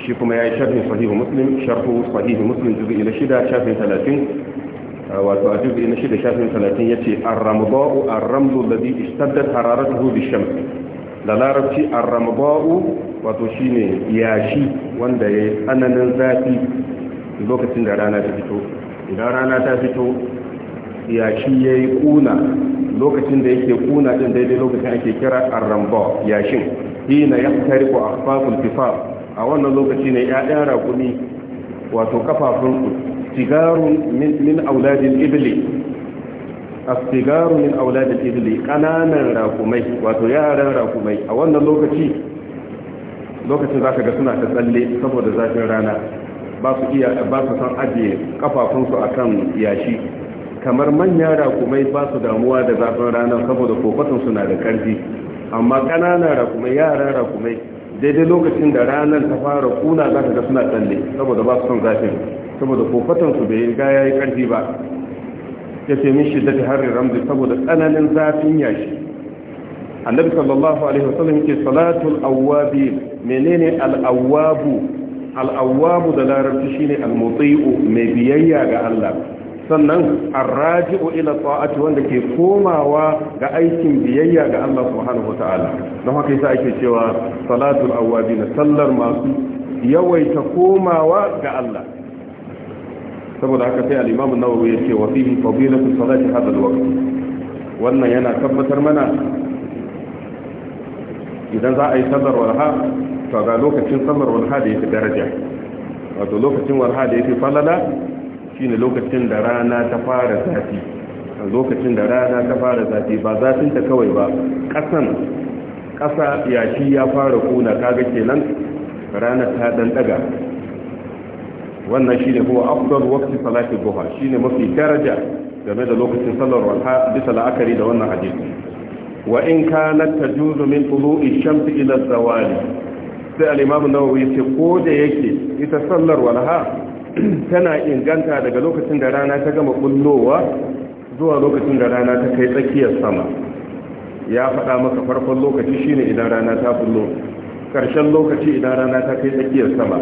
A: shi kuma ya yi sharhin sahihu muslim sharhu sahihu muslim juz'i na shida shafin 30 wato a juz'i na shida shafin 30 yace ar-ramdau ar-ramdu alladhi ishtaddat hararatuhu bi-shams da larabci a ramaba'u wato shine yashi wanda ya yi tsananin zafi lokacin da rana ta fito idan rana ta fito yashi ya yi kuna lokacin da yake kuna ɗin daidai lokacin ake kira ar-ramda yashin hina ya afaqul ko a a wannan lokaci ne yayan raƙumi wato kafafun sigaru min auladin ibili asigaru min auladil ibli kananan rakumai wato yaran rakumai a wannan lokaci lokacin ka ga suna ta tsalle saboda zafin rana ba su iya ba su san ajiye kafafunsu akan yashi kamar manyan rakumai ba su damuwa da zafin rana saboda kokotun na da karfi amma kananan rakumai yaran rakumai daidai lokacin da ranar ta fara kuna ka ga suna tsalle saboda ba su son zafin saboda kofatansu bai ga yi karfi ba ya ce min ta harin ramzi saboda tsananin zafin yashi annabi sallallahu alaihi wasallam yake salatul awwabi menene al-awwabu al-awwabu da larabci shine al-muti'u mai biyayya ga Allah sannan al-raji'u ila ta'ati wanda ke komawa ga aikin biyayya ga Allah subhanahu wata'ala don haka yasa ake cewa salatul na sallar masu yawaita komawa ga Allah saboda haka sai al-imam ya ce yace wa fihi fadilatu salati hadha al-waqt wannan yana tabbatar mana idan za a yi sallar walha to ga lokacin sallar walha da yake daraja wato lokacin walha da yake falala shine lokacin da rana ta fara zafi lokacin da rana ta fara zafi ba zafin ta kawai ba kasan kasa yashi ya fara kuna kaga kenan rana ta dan daga wannan shine huwa afdal waqti salati duha shine mafi daraja game da lokacin sallar walha bisa la'akari da wannan hadisi wa in kanat tajuzu min tulu'i shamsi ila zawali sai al-imam an-nawawi yace ko da yake ita sallar walha (clears throat) tana inganta daga lokacin da rana ta gama kullowa zuwa lokacin da rana ta kai tsakiyar sama ya faɗa maka farkon lokaci shine idan rana ta kullo ƙarshen lokaci idan rana ta kai tsakiyar sama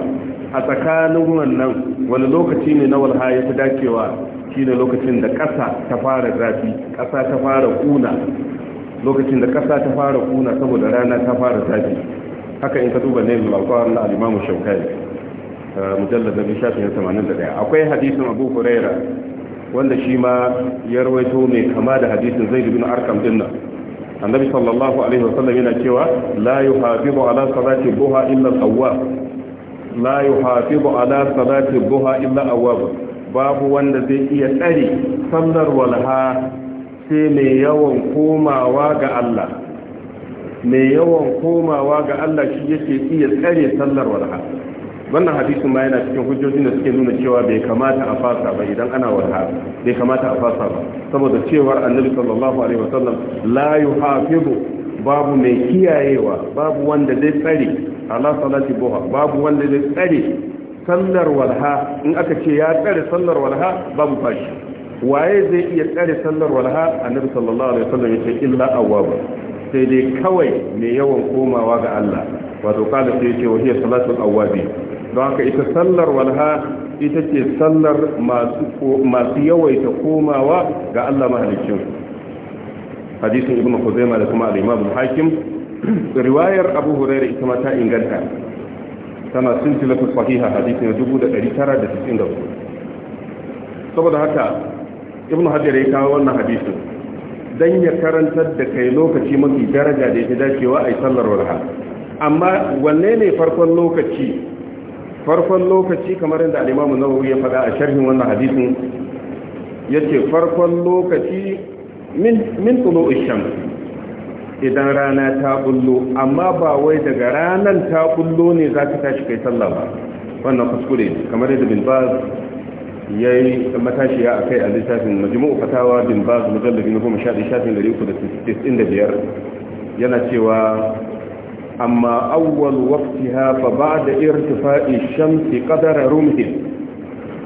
A: a tsakanin wannan wani lokaci ne na walha ya fi dacewa shine lokacin da ƙasa ta fara zafi ƙasa ta fara kuna lokacin da ƙasa ta fara kuna saboda rana ta fara zafi haka in ka duba ne alƙawar na alimamu shaukai mujallar da bishafin 81 akwai hadisin abu huraira wanda shi ma ya rawaito mai kama da hadisin zai dubi na arkam dinnan annabi sallallahu alaihi wasallam yana cewa la yuhafizu ala salati duha illa awwab la yuhafizu ala salati duha illa awwab babu wanda zai iya tsari sallar walha sai mai yawan komawa ga Allah mai yawan komawa ga Allah shi yake iya tsare sallar walha wannan hadisin ma yana cikin hujjojin da suke nuna cewa bai kamata a fasa ba idan ana warha bai kamata a fasa ba saboda cewar annabi sallallahu alaihi wasallam la yuhafizu babu mai kiyayewa babu wanda zai tsare ala salati buha babu wanda zai tsare sallar walha in aka ce ya tsare sallar walha babu fashi waye zai iya tsare sallar walha annabi sallallahu alaihi wasallam yace illa awwabu sai dai kawai mai yawan komawa ga Allah wato kada sai yace wa hiya salatul awwabi don haka ita sallar walha ita ce sallar masu yawaita komawa ga Allah mahalicin hadisun ibn Khuzaimah da kuma al-Imam al-Hakim riwayar Abu hurairu ita ma ta inganta tana dubu da da sahiha da 1994 saboda haka ibn hajjar ya kawo wannan hadisin don ya karantar da kai lokaci mafi daraja da fi dacewa a yi sallar walha amma wanne ne farkon lokaci farkon lokaci kamar yadda alimamu na ya faɗa a sharhin wannan hadisin ce farkon lokaci min min ishan idan rana ta bullo amma ba wai daga ranar ta bullo ne za ka tashi kai sallah ba wannan kuskure kamar yadda bin Baz ya yi matashiya a kai a littafin majimu'u fatawa bin Baz mujallabin 10 shafin 365 yana cewa amma أول وقتها فبعد ارتفاع الشمس قدر رمه rumhi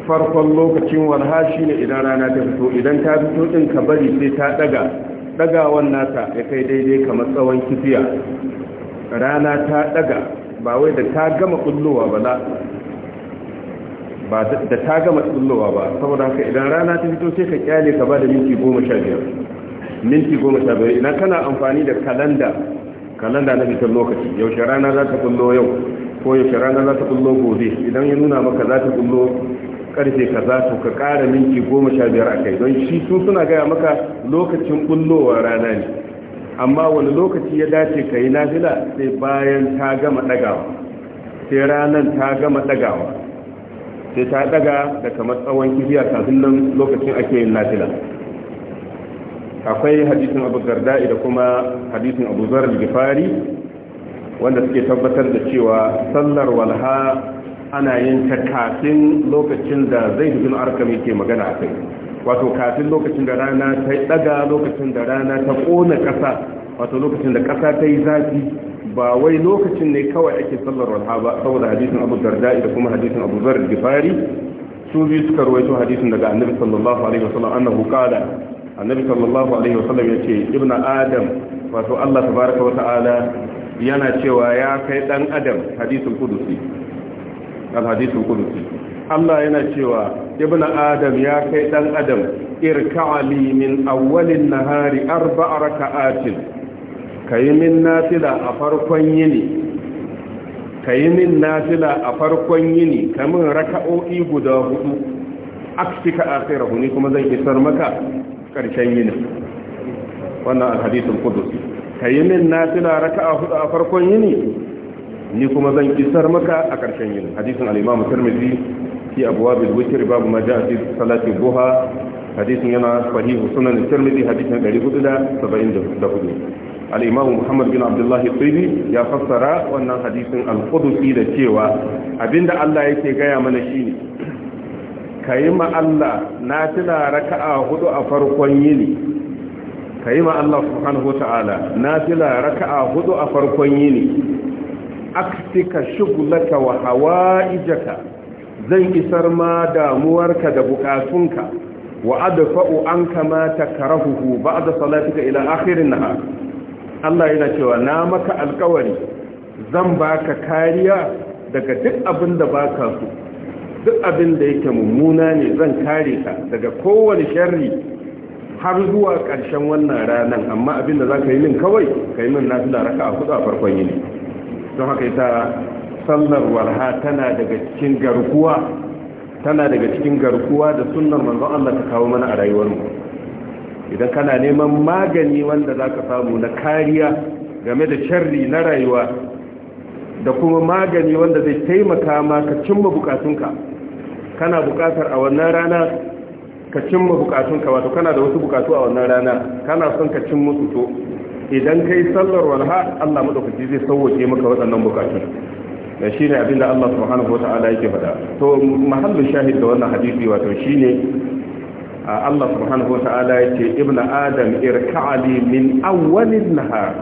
A: farkon lokacin والهاشين shine idan rana ta fito idan ta fito din ka bari sai ta daga dagawan nata ya kai daidai kamar tsawon kifiya rana ta daga ba wai da ta gama tsullowa ba saboda haka idan rana ta fito sai ka kyale ka ba da minti goma sha biyar minti goma sha biyar idan kana amfani da kalanda kalanda na bisan lokaci yaushe rana za ta kullo yau ko yaushe rana za ta kullo gobe idan ya nuna maka za ta kullo karfe za to ka kara minti goma sha biyar a kai don shi su suna gaya maka lokacin kullowa rana ne amma wani lokaci ya dace ka yi nafila sai bayan ta gama dagawa sai ranar ta gama dagawa sai ta daga da kamar tsawon kibiya kafin nan lokacin ake yin nafila akwai hadisin abu garda'i da kuma hadisin abu zar gifari wanda suke tabbatar da cewa sallar walha ana yin ta kafin lokacin da zai bin arkam ke magana a kai wato kafin lokacin da rana ta yi daga lokacin da rana ta kona kasa wato lokacin da kasa ta yi zafi ba wai lokacin ne kawai ake sallar walha ba saboda hadisin abu garda'i da kuma hadisin abu zar gifari su biyu suka rawaito hadisin daga annabi sallallahu alaihi wasallam annahu qala annabi sallallahu alaihi wasallam ya ce ibn adam wato Allah tabaraka wa ta'ala yana cewa ya kai dan adam hadisul qudusi al hadisul qudusi Allah yana cewa ibn adam ya kai dan adam irka'ali min awwalin nahari arba'a raka'atin kai min nafila a farkon yini kai min nafila a farkon yini kamin raka'o'i guda hudu aksika akhirahu ni kuma zan isar maka ƙarshen yini wannan alhadisul ka yi min na raka a hudu a farkon yini ni kuma zan isar maka a ƙarshen yini hadisin al-imam tirmidhi fi abwabil witr babu ma ja'a fi salati duha hadisin yana sahihu sunan tirmidhi hadisin 474 al'imamu muhammad bin abdullahi tsibi ya fassara wannan hadisin al da cewa abinda allah yake gaya mana shi ne ka yi ma'alla na tuna raka'a hudu a farkon yini ka yi ma'alla subhanahu ta'ala na tuna raka'a hudu a farkon yini aktika shugulaka wa hawa'ijaka zan isar ma damuwarka da bukatunka wa adfa'u kamata ka takrahuhu ba'da salatika ila akhirin nahar Allah yana cewa na maka alkawari zan baka kariya daga duk abin da baka so duk abin da yake mummuna ne zan kare ka daga kowane sharri har zuwa ƙarshen wannan ranar amma abin da za ka yi min kawai ka yi min nasu da raka a kudu a farkon yini don haka ita sannan walha tana daga cikin garkuwa tana daga cikin garkuwa da sunnar manzon Allah ta kawo mana a rayuwarmu idan kana neman magani wanda za ka samu na kariya game da sharri na rayuwa da kuma magani wanda zai taimaka ma ka cimma bukatunka kana bukatar a wannan rana ka cimma bukatunka wato kana da wasu bukatu a wannan rana kana son ka cimma musu to idan kai sallar walha Allah madaukaki zai sauwake maka waɗannan bukatun da shi ne abinda Allah subhanahu wa ta'ala yake faɗa to mahallin shahid da wannan hadisi wato shine Allah subhanahu wa ta'ala yake ibnu adam irka'ali min awwalin nahar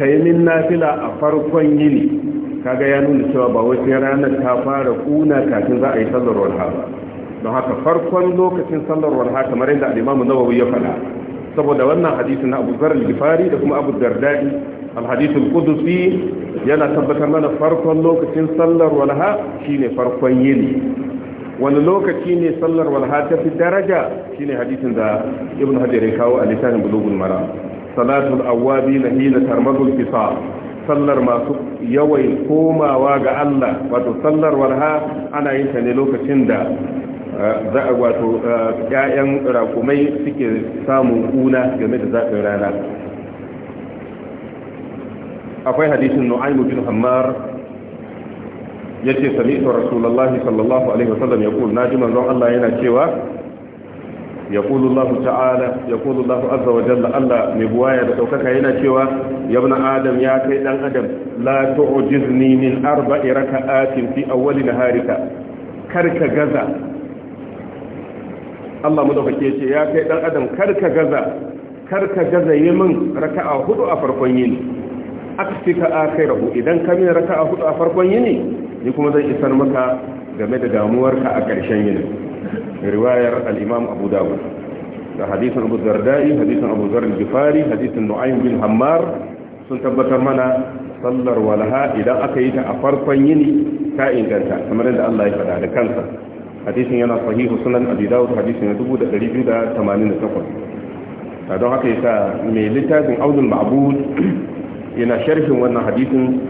A: kai min nafila a farkon yini kaga ya nuna cewa ba wai ranar ta fara kuna kafin za a yi sallar walha don haka farkon lokacin sallar walha kamar yadda al-Imam ya faɗa saboda wannan hadisin na Abu Zar al da kuma Abu Darda'i al kudusi yana tabbatar mana farkon lokacin sallar walha shine farkon yini wani lokaci ne sallar walha ta fi daraja shine hadisin da Ibn Hajar ya kawo a littafin bulugun mara. salatul awwabi nahina tarmadul fisal sallar masu yawai komawa ga Allah wato sallar warha ana yin ta ne lokacin da eh, za a wato eh, ƴaƴan rakumai suke samun kuna game da zafin rana akwai hadisin nu'aymu bin hammar yace sami'tu rasulullahi sallallahu alaihi wasallam yaqul naji manzon Allah yana cewa يقول الله azza wa jalla allah mai buwaya da دوكاكا yana cewa ya ibn adam ya kai dan adam la tu'jizni min arba'i raka'atin fi awwal naharika karka gaza Allah madaukake ce ya kai dan adam karka gaza karka gaza min raka'a hudu a farkon yini aksika akhirahu idan ka min raka'a hudu a farkon yini ni kuma zai isar maka game da damuwarka a ƙarshen yini riwayar al-imam abu dawud da hadisin abu dardai hadisin abu zar al-gifari hadisin nu'aym bin hammar sun tabbatar mana sallar walaha idan aka yi ta a farkon yini ta inganta kamar yadda Allah ya faɗa da kansa hadisin yana sahihu sunan abi dawud hadisin 2288 don haka yasa mai littafin audul ma'bud yana sharhin wannan hadisin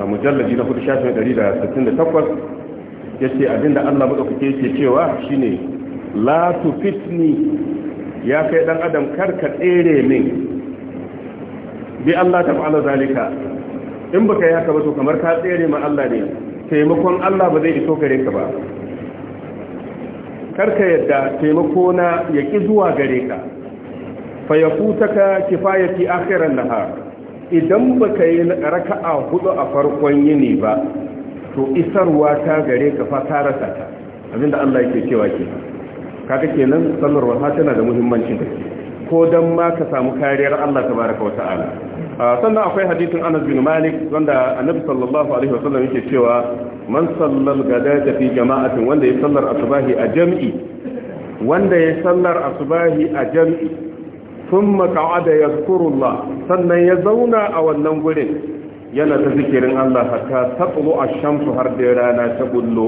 A: a mujallaji na hudu shafin 168 yace abinda Allah madaukake yake cewa shine la tufitni ya kai dan adam karka tsere min bi Allah ta'ala zalika in baka yi haka ba to kamar ka tsere ma Allah ne taimakon Allah ba zai iso gare ka ba karka yadda taimako na ya ki zuwa gare ka fa yafutaka kifayati akhiran nahar idan baka yi raka'a hudu a farkon yini ba to isarwa ta gare ka fa ta rasa ta abinda Allah yake cewa ke kaga kenan sanarwa ta tana da muhimmanci gaske ko dan ma ka samu kariyar Allah tabaraka wata'ala sannan akwai hadisin Anas bin Malik wanda Annabi sallallahu alaihi wasallam yake cewa man sallal gadata fi jama'atin wanda ya sallar asubahi a jam'i wanda ya sallar asbahi a jam'i thumma qa'ada yadhkurullah sannan ya zauna a wannan gurin yana ta zikirin Allah hatta tatlu a shamsu har da rana ta bullo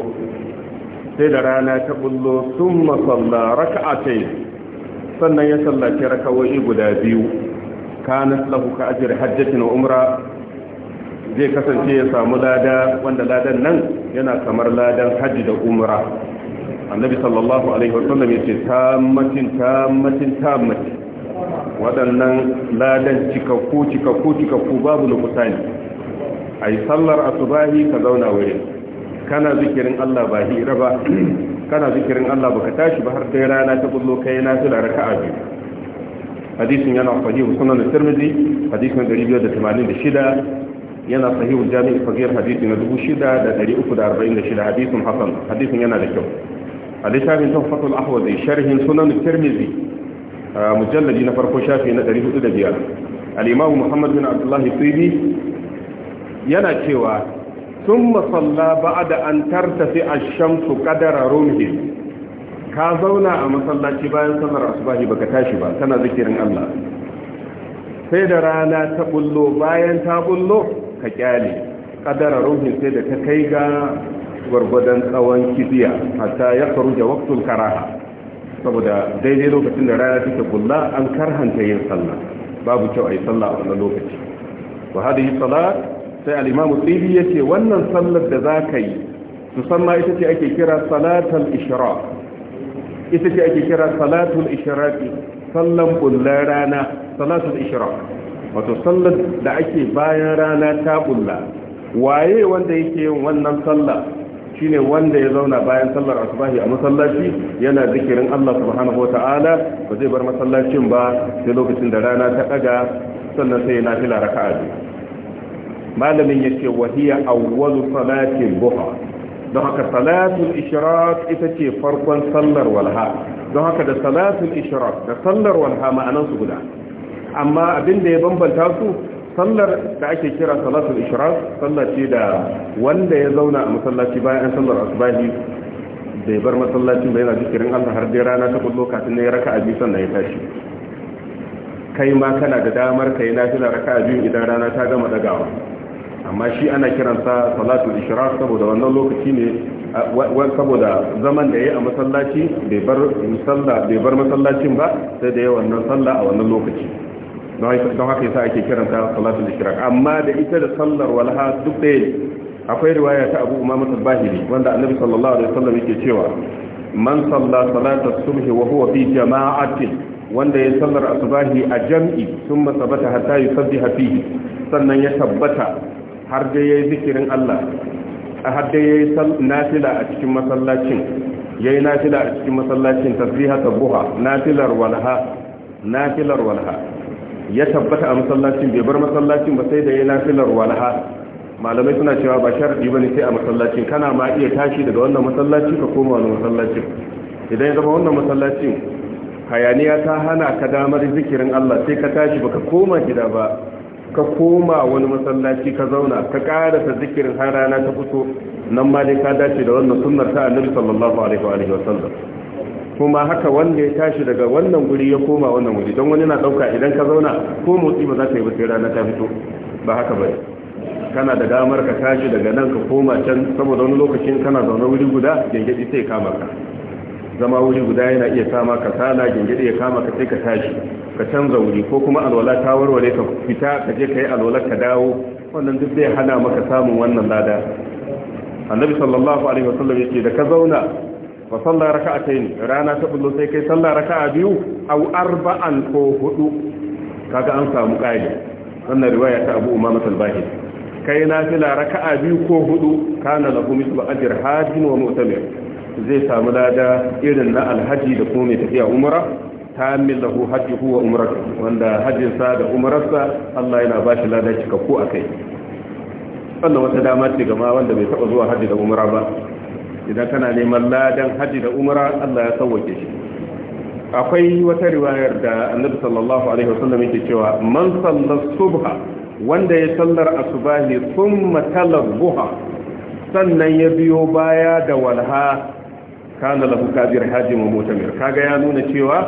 A: sai da rana ta bullo thumma salla rak'atayn sannan ya sallaci rakawoyi guda biyu kanat lahu ka ajr hajjatin umra zai kasance ya samu lada wanda ladan nan yana kamar ladan hajji da umra annabi sallallahu alaihi wasallam ya ce tammatin tammatin tammatin waɗannan ladan cikakku cikakku cikakku babu lokuta ne a yi sallar asubahi ka zauna wurin kana zikirin Allah ba hira ba (clears throat) kana zikirin Allah ba ka tashi ba har sai rana ta kullo kai na fi tula raka'a biyu hadisin yana sahihu sunan tirmidhi hadisin 586 yana sahihu jami'i fagiyar hadisi na 6346 hadisin hasan hadisin yana da kyau a littafin tuhfatul ahwazi sharhin sunan tirmidhi mujalladi na farko shafi na 405 al-imam muhammad bin abdullah tibi yana cewa sun masalla ba da an tartafi a shamsu kadara rumhi ka zauna a masallaci bayan sallar asubahi baka tashi ba tana zikirin Allah sai da rana ta bullo bayan ta bullo ka kyale kadara ruhin sai da ta kai ga gwargwadon tsawon kibiya hatta ya faru da waktun karaha saboda daidai lokacin da rana take bulla an karhanta yin sallah babu kyau a yi sallah a wannan lokaci wa yi salat sai al'imamu tsibi ya ce wannan sallar da za ka yi su sanna ita ce ake kira salatul ita ce ake kira salatul ishraqi sallan bullar rana salatul ishraq wato sallar da ake bayan rana ta bulla waye wanda yake yin wannan sallar shine wanda ya zauna bayan sallar asubahi a masallaci yana zikirin Allah subhanahu ta'ala ba zai bar masallacin ba sai lokacin da rana ta ɗaga sannan sai ya nafila raka'a malamin ya ce wahiya wani salatin buha don haka salatul ishraq ita ce farkon sallar walha don haka da salatul ishraq da sallar walha ma'anan su guda amma abin da ya bambanta su sallar da ake kira salatul ishraq sallar ce da wanda ya zauna a masallaci bayan sallar asbahi bai bar masallacin ba yana zikirin Allah har dai rana ta kullo kafin ya raka'a biyu sannan ya tashi kai ma kana da damar kai nafila raka'a biyu idan rana ta gama dagawa amma shi ana kiransa salatu ishraq saboda wannan lokaci ne saboda zaman da ya yi a masallaci bai bar masallacin ba sai da yayi wannan sallah a wannan lokaci don haka yasa ake kiranta salatu ishraq amma da ita da sallar walha duk ɗaya akwai riwaya ta Abu Umama al-Bahili wanda Annabi sallallahu alaihi wasallam yake cewa man salla salata subhi wa huwa fi jama'atin wanda ya sallar asbahi a jam'i thumma sabata hatta yusabbiha fihi sannan ya tabbata har dai yayi zikirin Allah har dai yayi nafila a cikin masallacin yayi nafila a cikin masallacin tasbihat buha nafilar walha nafilar walha ya tabbata a masallacin bai bar masallacin ba sai da yayi nafilar walha malamai suna cewa ba sharadi bane sai a masallacin kana ma iya tashi daga wannan masallaci ka koma wani masallacin idan ya zama wannan masallacin hayaniya ta hana ka damar zikirin Allah sai ka tashi baka koma gida ba ka koma wani masallaci ka zauna ka karasa zikirin har rana ta fito nan ma dai ka dace da wannan sunnar ta annabi sallallahu alaihi wa sallam kuma haka wanda ya tashi daga wannan guri ya koma wannan wuri don wani na dauka idan ka zauna ko motsi ba za ta yi ba sai rana ta fito ba haka ba kana da damar ka tashi daga nan ka koma can saboda wani lokacin kana zaune wuri guda gengedi sai kama ka zama wuri guda yana iya sama ka sala gingide ya kama ka sai ka tashi ka canza wuri ko kuma alwala ta warware ka fita ka je ka yi alwala ka dawo wannan duk zai hana maka samun wannan lada annabi sallallahu alaihi wasallam yake da ka zauna fa salla raka'atayn rana ta bullo sai kai salla raka'a biyu aw arba'an ko hudu kaga an samu kai wannan riwaya ta Abu Umama al-Bahili kai nafila raka'a biyu ko hudu kana lahu mithlu ajr hajin wa mu'tamir zai samu lada irin na alhaji da kuma mai tafiya umara ta lahu hajjuhu wa umarar, wanda hajjinsa da umararsa Allah yana ba shi lada cikakku a kai wannan wata dama ce gama wanda bai taɓa zuwa hajji da umara ba idan kana neman ladan hajji da umara Allah ya sauwake shi akwai wata riwayar da annabi sallallahu alaihi wasallam yake cewa man subha wanda ya sallar asubahi thumma talabbuha sannan ya biyo baya da walha kana lahu kabir hajji wa mutamir kaga ya nuna cewa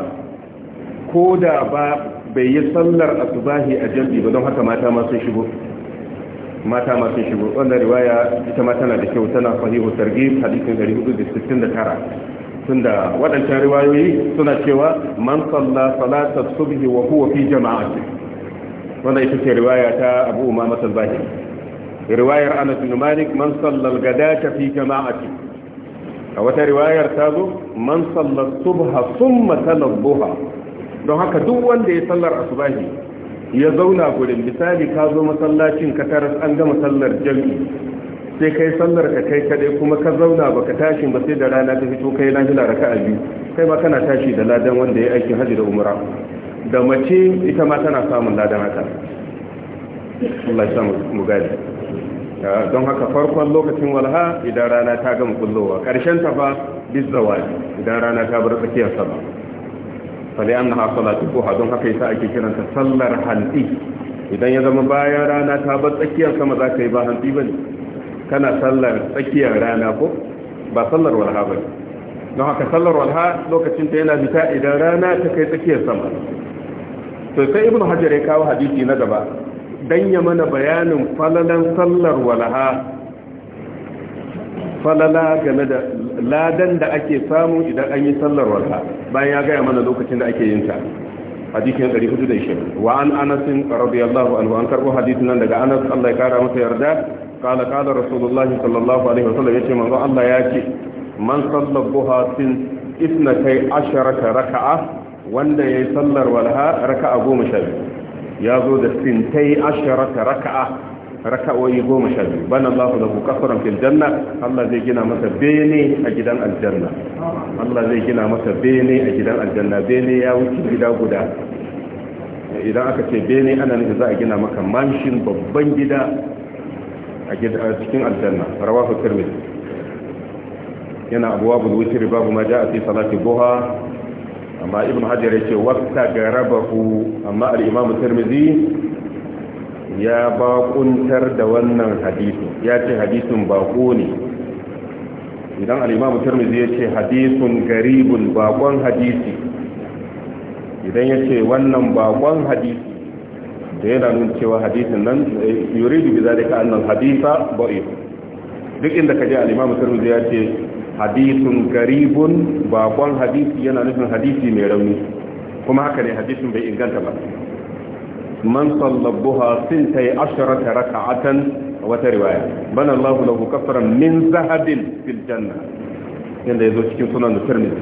A: ko da ba bai yi sallar asubahi a jambi ba don haka mata ma sun shigo mata ma sun shigo wannan riwaya ita ma tana da kyau tana sahihu targhib hadisin 469 tunda waɗancan riwayoyi suna cewa man salla salata subhi wa huwa fi jama'ati wannan ita ce riwaya ta Abu Umama al riwayar Anas bin Malik man salla al-gadata fi jama'ati a wata riwayar ta zo man sallar subha summa talar buha don haka duk wanda ya sallar asubahi ya zauna gudun misali ka zo masallacin ka an gama sallar jami'i sai kai sallar ka kai kadai kuma ka zauna baka tashi ba sai da rana ta fito kai na hila raka'a biyu kai ma kana tashi da ladan wanda ya aikin hajji da umra da mace ita ma tana samun ladan haka Allah ya Eh, don haka farkon lokacin walha idan rana ta gama kullowa karshen ta fa bizawaji idan rana ta bar tsakiyar sama fali ha salatu duha don haka yasa ake kiranta sallar hanti idan ya zama bayan rana ta bar tsakiyar sama za ka yi ba hanti bane kana sallar tsakiyar rana ko ba sallar walha ba don haka sallar walha lokacin ta yana fita idan rana ta kai tsakiyar sama to sai ibnu hajar ya kawo hadisi na gaba dan ya mana bayanin falalan sallar walaha falala game da ladan da ake samu idan an yi sallar walaha bayan ya gaya mana lokacin da ake yin ta hadisin 420 wa an anas radiyallahu anhu an karbo hadisin nan daga anas Allah ya kara masa yarda kala kala قال sallallahu الله صلى الله عليه وسلم يتي من الله ياتي من صلى الضحى سن اثنتي عشرة ركعة وان يصلى ولها ركعة قوم شبه ya zo da sintai asharata raka'a raka'o'i goma sha biyu bana Allahu lahu qasran fil janna Allah zai gina masa bene a gidan aljanna Allah zai gina masa bene a gidan aljanna bene ya wuce gida guda idan aka ce bene ana nufi za a gina maka manshin babban gida a cikin aljanna rawahu tirmidhi yana abuwa bulwutir babu ma ja'a fi salati duha amma ibn hajar ya ce wata garabahu amma al'imamu tirmidhi ya bakuntar da wannan hadisun ya ce hadisun bako ne idan al'imamu tirmidhi ya ce hadisun garibun bakon hadisi idan ya ce wannan bakon hadisi da yana nun cewa hadisin nan eh, yuridu bi zalika annal hadisa da'if duk inda ka je imam Tirmidhi ya ce Hadisin garibun bakon hadisi yana nufin hadisi mai rauni kuma haka ne hadisin bai inganta ba man sallabuha sintai asharata raka'atan wata riwaya bana Allahu lahu kafaran min zahabin fil janna yanda zo cikin sunan Tirmidhi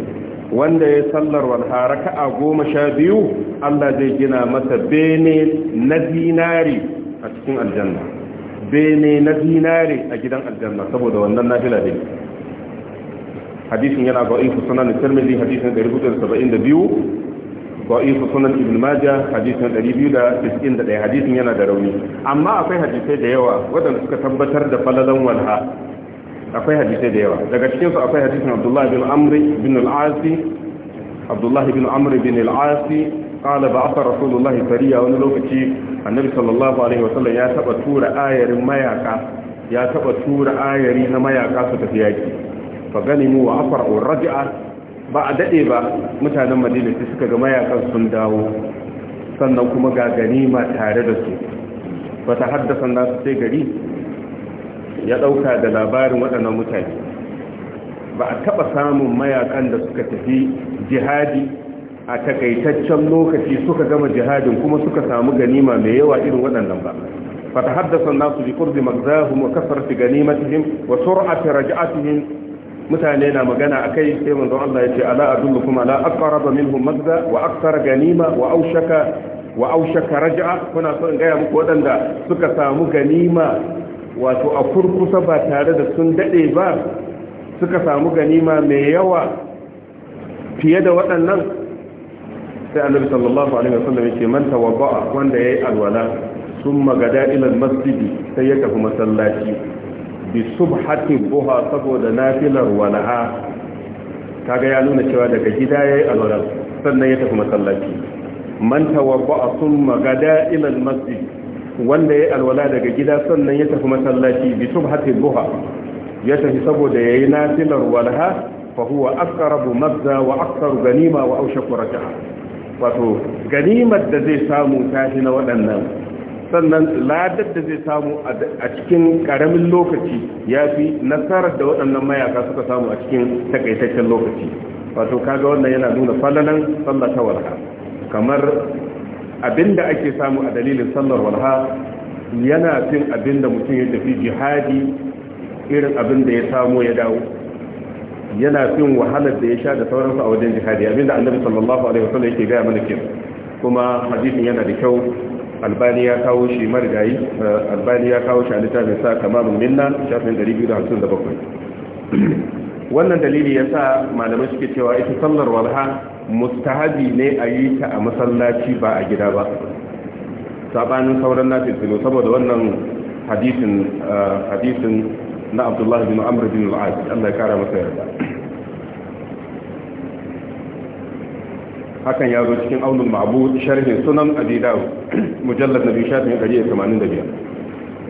A: wanda ya sallar wal haraka'a goma sha biyu Allah zai gina masa bene na dinari a cikin aljanna bene na dinari a gidan aljanna saboda wannan nafila ne hadisin yana da'ifu sunan tirmidhi hadisin 472 da'ifu sunan ibn majah hadisin 291 hadisin yana da rauni amma akwai hadisai da yawa wadanda tabbatar da falalan walha akwai hadisai da yawa daga cikin su akwai hadisin abdullahi bin amr bin al-asi abdullahi bin amr bin al-asi qala ba'atha rasulullahi sariya wani lokaci annabi sallallahu alaihi wasallam ya taba tura ayarin mayaka ya taba tura ayari na mayaka su tafi yaki fa wa asra'u raj'a ba a daɗe ba mutanen madina sai suka ga mayakan sun dawo sannan kuma ga ganima tare da su ba ta haddasa nasu sai gari ya ɗauka da labarin waɗannan mutane ba a taɓa samun mayakan da suka tafi jihadi a takaitaccen lokaci suka gama jihadin kuma suka samu ganima mai yawa irin waɗannan ba فتحدث الناس بقرب مغزاهم وكثرة غنيمتهم وسرعة رجعتهم mutane na magana a kai sai manzon Allah ya ce ala adullukum ala aqraba minhum madda wa akthara ganima wa aushaka wa aushaka raj'a kuna so in gaya muku waɗanda suka samu ganima wato a kurkusa ba tare da sun dade ba suka samu ganima mai yawa fiye da waɗannan sai annabi sallallahu alaihi wasallam yake man tawabba'a wanda yayi alwala summa gada ila masjidi sai ya tafi masallaci bi subhati buha saboda nafilar wala'a kaga ya nuna cewa daga gida yayi alwala sannan ya tafi masallaci man tawabba'a thumma gada ila almasjid wanda yayi alwala daga gida sannan ya tafi masallaci bi subhati buha ya tafi saboda yayi nafilar walaha fa huwa aqrabu mazza wa aktharu ganima wa awshaqu rajaa wato ganimar da zai samu tashi na waɗannan sannan ladar da zai samu a cikin karamin lokaci ya fi nasarar da waɗannan mayaka suka samu a cikin takaitaccen lokaci wato kaga wannan yana nuna falalan sallar ta walha kamar abinda ake samu a dalilin sallar walha yana fin abinda mutum ya tafi jihadi irin abinda ya samu ya dawo yana fin wahalar da ya sha da sauransu a wajen jihadi abinda annabi sallallahu alaihi wasallam yake gaya mana kuma hadisin yana da kyau albani ya kawo shi marigayi eh, albani ya kawo shi a littafin sa tamamin minna shafin 257 (clears throat) wannan dalili ya sa malamai suke cewa ita sallar walha mustahabi ne a yi ta a masallaci ba a gida ba sabanin sauran nafi tsino saboda wannan eh, hadisin na abdullahi bin amr bin al'ad Allah ya kara masa yarda hakan ya zo cikin aunin ma'abu sharhin sunan abi (clears throat) mujallar nabi shafin biyar.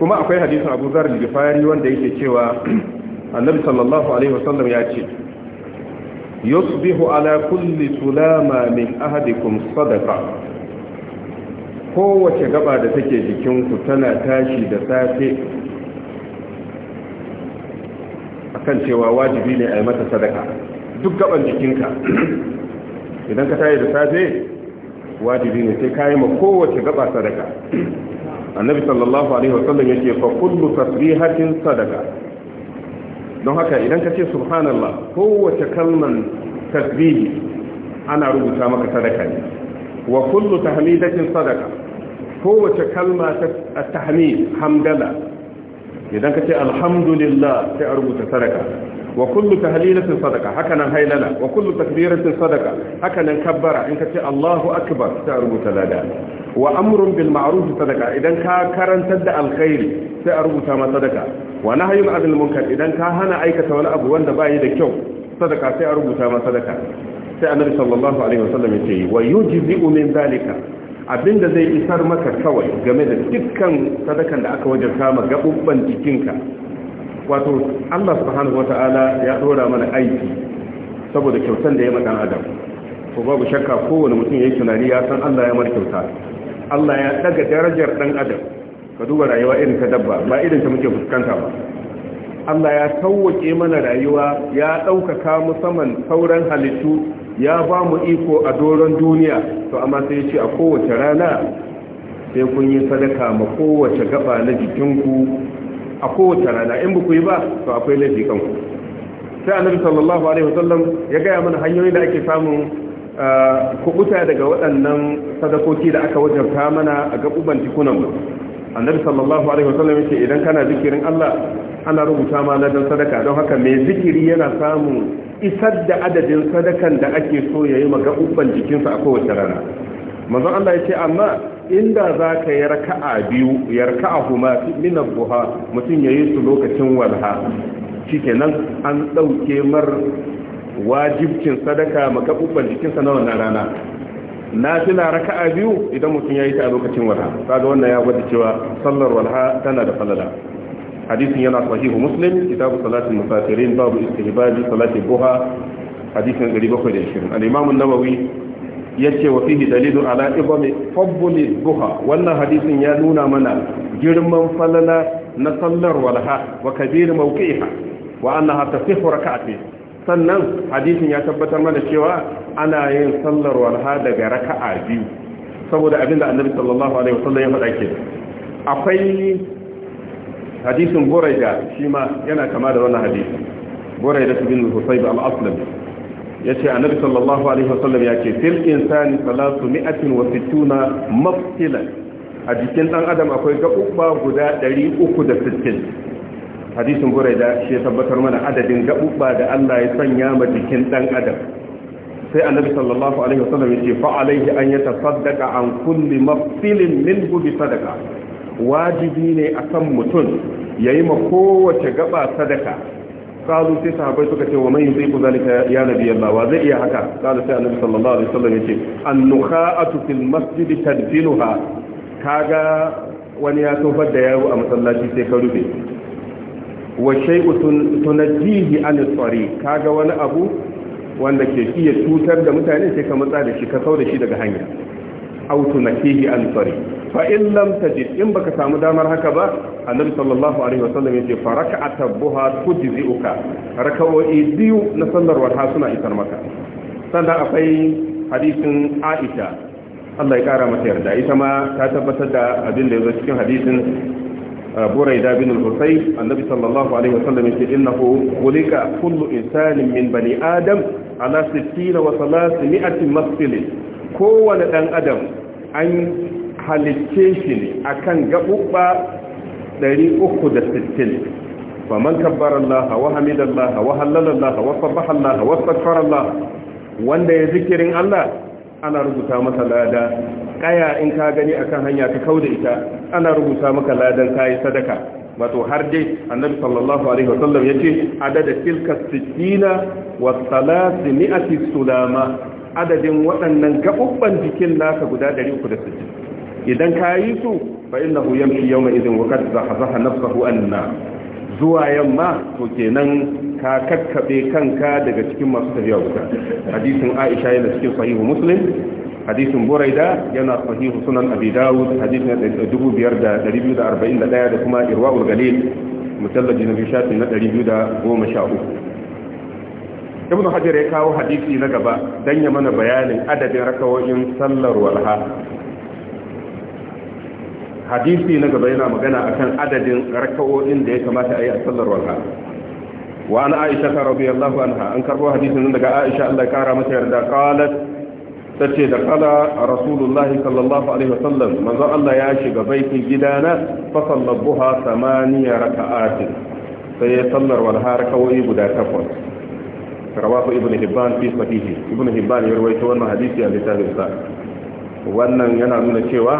A: kuma akwai hadisin abu zar al wanda yake cewa (clears throat) annabi sallallahu alaihi wasallam ya ce yusbihu ala kulli sulama min ahadikum sadaqa kowace gaba da take jikinku tana tashi da safe akan cewa wajibi ne a yi mata sadaka duk gaban jikinka (clears throat) idan ka tayi da safe wajibi ne sai kayi ma kowace gaba sadaka annabi sallallahu alaihi wasallam yake fa kullu tasbihatin sadaka don haka idan ka ce subhanallah kowace kalman tasbihi ana rubuta maka sadaka ne wa kullu tahmidatin sadaka kowace kalma ta tahmid hamdala idan ka ce alhamdulillah sai a rubuta sadaka wa kullu tahlilatin sadaka hakanan hailala wa kullu takbiratin sadaka hakanan kabbara in kace Allahu akbar ta rubuta lada wa amrun bil ma'ruf idan ka karantar da alkhairi sai a rubuta ma sadaka wa nahyun anil munkar idan ka hana aikata wani abu wanda bai da kyau sadaka sai a rubuta ma sadaka sai annabi sallallahu alaihi wasallam ya ce wa yujzi'u min zalika abinda zai isar maka kawai game da dukkan sadakan da aka wajarta ma gabubban jikinka wato Allah subhanahu wata'ala ya dora mana aiki saboda kyautar da ya madan adam to babu shakka kowane mutum yi tunani ya san Allah ya mar kyauta Allah ya daga darajar dan adam ka duba rayuwa irin ta dabba ba irin ta muke fuskanta ba Allah ya sauwake mana rayuwa ya ɗaukaka musamman sauran halittu ya ba mu iko a doron duniya to amma sai ce a kowace rana sai kun yi sadaka ma kowace gaba na jikinku a kowace rana in buku yi ba to akwai laifi kan ku sai annabi sallallahu alaihi wasallam ya gaya mana hanyoyin da ake samun kubuta daga waɗannan sadakoki da aka wajabta mana a gabuban tikunan mu annabi sallallahu alaihi wasallam yace idan kana zikirin Allah ana rubuta ma dan sadaka don haka mai zikiri yana samun isar da adadin sadakan da ake so yayi ma gabuban jikinsa a kowace rana manzon Allah yace amma inda za ka yi raka'a biyu ya raka'a kuma min buha mutum ya yi su lokacin walha shikenan an ɗauke mar wajibcin sadaka cikin jikinsa na wannan rana na tuna raka'a biyu idan mutum ya yi ta a lokacin walha kaga wannan ya gwada cewa sallar walha tana da falala hadisin yana sahihu muslim kitabu salatin musafirin babu istihbabi salati buha hadisin 720 al-imam an-nawawi yace wa fihi dalilu ala ibami fabbul duha wannan hadisin ya nuna mana girman falala na sallar walha wa kabir mawqiha wa annaha tasihhu rak'atayn sannan hadisin ya tabbatar mana cewa ana yin sallar walha daga raka'a biyu saboda abinda annabi sallallahu alaihi wasallam ya faɗa ke akwai hadisin buraida shi ma yana kama da wannan hadisin buraida bin husayb al-aslami yace annabi sallallahu alaihi wasallam yake fil insani salatu mi'atin wa sittuna mafsilan a jikin dan adam akwai gabubba guda 360 hadisin buraida shi tabbatar mana adadin gabubba da Allah ya sanya ma jikin dan adam sai annabi sallallahu alaihi wasallam yace fa alaihi an yatasaddaqa an kulli mafsilin minhu bi sadaqa wajibi ne akan mutum yayi ma kowace gaba sadaka kalu sai sahabbai suka ce wa man ku zalika ya nabi Allah wa zai iya haka kalu sai annabi sallallahu alaihi wasallam yace an-nukha'atu fil masjid tadfinuha kaga wani ya tofar da yaro a masallaci sai ka rufe wa shay'u tunajjihi an tsari kaga wani abu wanda ke iya cutar da mutane sai ka matsa da shi ka sau da shi daga hanya aw tunakihi an tariq fa in lam tajid in baka samu damar haka ba annabi sallallahu alaihi wasallam yace fa rak'ata buha tujzi'uka raka'o'i biyu na sallar wata suna isar maka sannan akwai hadisin Aisha Allah ya kara mata yarda ita ma ta tabbatar da abin da yazo cikin hadisin uh, Buraida bin al-Husayb annabi sallallahu alaihi wasallam yace innahu khulika kullu insanin min bani adam ala 60 wa 300 masfilin kowane ɗan adam an halicce shi ne a akan gaɓuɓɓa 360 Ba man kabbara Allah wa allah, wa allah, wa allah, wa allah. wanda ya zikirin Allah ana rubuta masa lada kaya in ka gani akan hanya ka kauda ita ana rubuta maka ladan kayi sadaka wato har dai annabi sallallahu alaihi wa wasallam yace adada tilka sittina wa thalathmi'ati sulama adadin waɗannan gaɓuɓɓen jikin naka guda 360 idan ka yi su fa inna mai izin yawma idin wa qad zahazaha nafsuhu anna zuwa yamma to kenan ka kakkaɓe kanka daga cikin masu tafiya wuta hadisin Aisha yana cikin sahihu Muslim hadisin Buraida yana sahihu Sunan Abi Dawud hadisin 2241 da kuma Irwaul Galil mutallaji na biyu shafi na 213 ibn hajar ya kawo hadisi na gaba don ya mana bayanin adadin rakawoyin sallar walha hadisi na gaba yana magana akan adadin rakawoyin da ya kamata a yi a sallar walha wa an aisha ta rabu rabi Allahu anha an karbo nan daga aisha Allah ya kara mata yarda qalat tace da kala a rasulullah sallallahu alaihi wa sallam manzo Allah ya shiga baitin gidana fa sallabuha samaniya raka'atin sai ya sallar wal harakawi guda takwas rawahu ibn hibban fi sahihi ibn hibban ya rawaito wannan hadisi a littafin sa wannan yana nuna cewa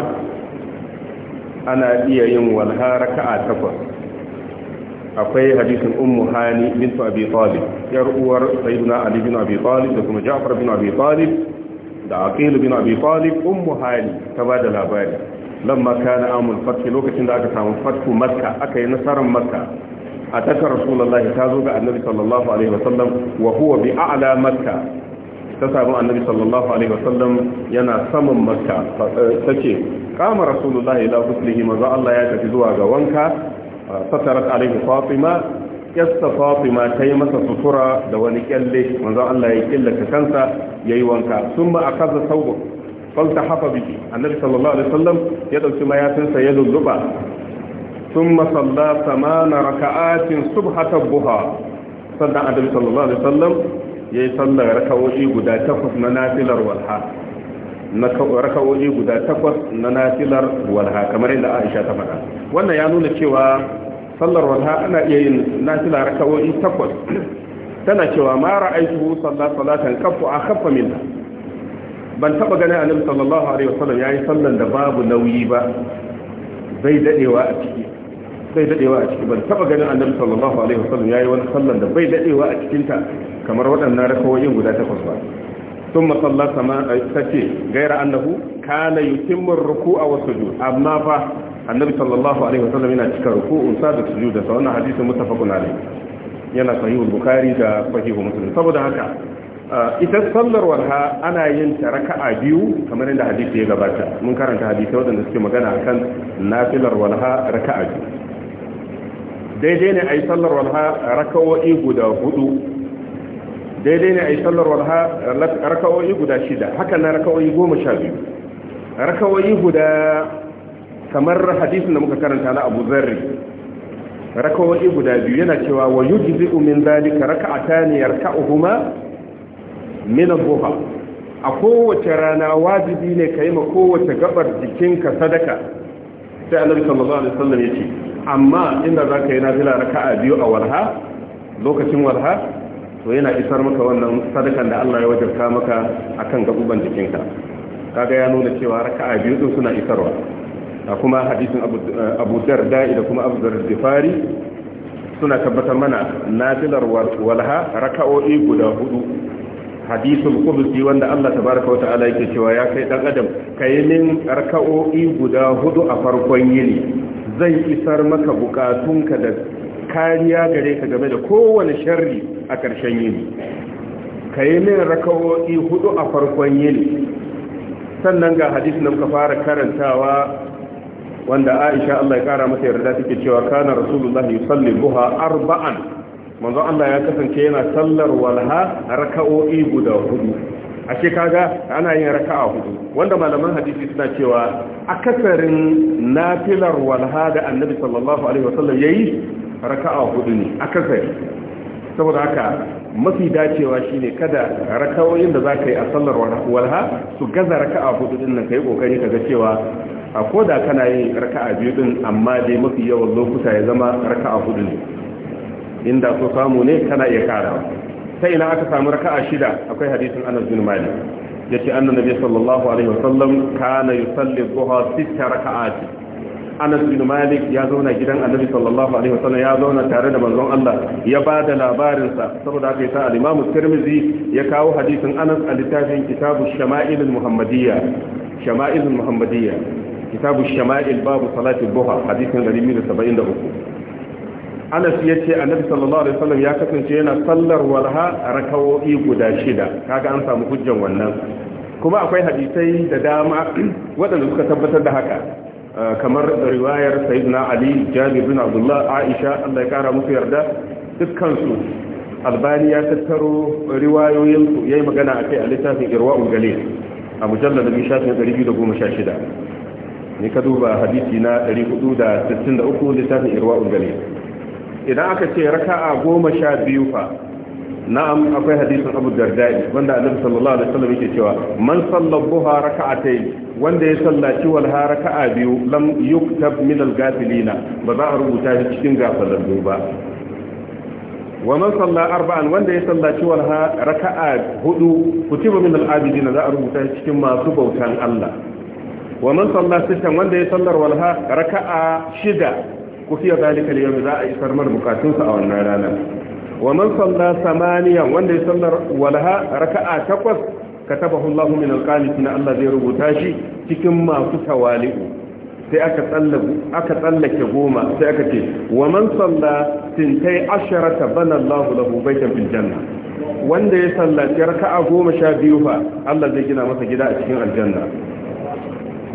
A: ana iya yin walha raka'a takwas akwai hadisin ummu hani bintu abi talib yar uwar sayyidina ali bin abi talib da kuma ja'far bin abi talib da aqil bin abi talib ummu hani ta bada labari lamma kana amul fath lokacin da aka samu fathu makka aka yi nasarar makka ataka rasulullahi ta zo ga annabi sallallahu alaihi wasallam wa huwa a'la makka ta samu annabi sallallahu alaihi wasallam yana saman makka tace kama rasulullahi ila huslihi Allah ya tafi zuwa ga wanka satarat alaihi fatima yasta ta yi masa sutura da wani kyalle manzo Allah ya killata kansa yayi wanka summa akaza saubu falta hafa biki annabi sallallahu alaihi wasallam ya dauki mayafinsa ya lulluba ثم صلى ثمان ركعات صبحة الضحى صلى النبي صلى الله عليه وسلم يصلى ركعوجي غدا تفس نافلر والها rakawoyi guda takwas na nafilar walha kamar yadda aisha ta faɗa wannan ya nuna cewa sallar walha ana iya yin nafila rakawoyi takwas tana cewa ma ra'aitu sallar salatan kafu a kafa minna ban taba ganin annabi sallallahu alaihi wasallam yayi sallan da babu nauyi ba zai dadewa a ciki bai dadewa a ciki ban taba ganin annabi sallallahu alaihi wasallam yayi wani sallan da bai dadewa a cikin ta kamar waɗannan rakawoyin guda takwas ba ثم صلى كما تتي غير انه كان يتم الركوع والسجود اما فا النبي صلى الله عليه وسلم yana cika ruku'u sa da sujuda sa wannan hadisi muttafaqun alayh yana sahih al da sahih muslim saboda haka ita sallar warha ana yin ta raka'a biyu kamar yadda hadisi ya gabata mun karanta hadisi wadanda suke magana akan nafilar walha raka'a biyu daidai ne a yi sallar walha rakawo'i guda hudu daidai ne a yi sallar walha rakawo'i guda shida haka na rakawo'i goma sha biyu rakawo'i guda kamar hadisin da muka karanta na abu zarri rakawo'i guda biyu yana cewa wa yujzi'u min zalika raka'atani yarka'uhuma min minan dhuha a kowace rana wajibi ne ka yi ma kowace gabar jikinka sadaka sai annabi sallallahu alaihi wasallam ce. amma inda za ka yi nafila raka'a biyu a warha lokacin warha to yana isar maka wannan sadakan da Allah ya wajarta maka akan gabuban jikinka kaga ya nuna cewa raka'a biyu din suna isarwa a kuma hadisin Abu eh, Darda da kuma Abu Dardifari suna tabbatar mana nafilar walha raka'o'i guda hudu hadisul qudsi wanda Allah ta tabaaraka wa ta'ala yake cewa ya kai dan adam kayi min raka'o'i guda hudu a farkon yini zai isar maka bukatunka da kariya gare ka game da kowane sharri a ƙarshen yini ka yi min raka'o'i hudu a farkon yini sannan ga hadis nan ka fara karantawa wanda Aisha Allah ya kara masa yarda take cewa kana Rasulullahi salli buha arba'an manzo Allah ya kasance yana sallar walha raka'o'i guda hudu ashe kaga ana yin raka'a hudu wanda malaman hadisi suna cewa akasarin nafilar walha da annabi sallallahu alaihi wasallam yayi raka'a hudu ne akasari saboda haka mafi dacewa shine kada raka'o'in da zaka yi a sallar walha su gaza raka'a hudu din nan kai kokari kaga cewa a koda kana yin raka'a biyu din amma dai mafi yawan lokuta ya zama raka'a hudu ne inda so samu ne kana iya karawa ta ina aka samu raka'a shida akwai hadisin Anas bin Malik yace annabi sallallahu alaihi wasallam kana yusalli dhuha sita raka'at Anas bin Malik ya zauna gidan annabi sallallahu alaihi wasallam ya zauna tare da manzon Allah ya bada labarin sa saboda haka yasa al-Imam Tirmidhi ya kawo hadisin Anas a littafin Kitabu Shama'il al-Muhammadiyya Shama'il al-Muhammadiyya Kitabu Shama'il babu salati dhuha hadisin 173 anas ya ce annabi sallallahu alaihi wasallam ya kasance yana sallar walha rakawo'i guda shida kaga an samu hujjan wannan kuma akwai hadisai da dama (clears throat) waɗanda suka tabbatar da haka uh, kamar riwayar sayyidina ali jabir bin abdullah aisha Allah ya kara musu yarda dukkan su albani ya tattaro riwayoyin su yayi magana akai a littafin irwaul galil a mujallad bi shafin ne ka duba hadisi na 463 littafin irwaul galil idan aka ce raka'a goma sha biyu fa na'am akwai hadisin abu dardai wanda annabi sallallahu alaihi wasallam yake cewa man sallabuha raka'atayn wanda ya sallaci walha raka'a biyu lam yuktab min al-gafilina ba za a rubuta shi cikin gafalallu ba wa man salla arba'an wanda ya sallaci walha raka'a hudu kutiba min al-abidina za a rubuta shi cikin masu bautan Allah wa man salla sittan wanda ya sallar walha raka'a shida fiye zalika al-yawm za a isar mar bukatunsa a wannan rana wa man salla samaniya wanda ya sallar walaha raka'a takwas katabahu Allah min al Allah zai rubuta shi cikin masu tawali'u sai aka tsallake goma sai aka ce wa man salla tintai asharata bana Allah lahu baitan fil wanda ya sallaci raka'a goma sha biyu fa Allah zai gina masa gida a cikin aljanna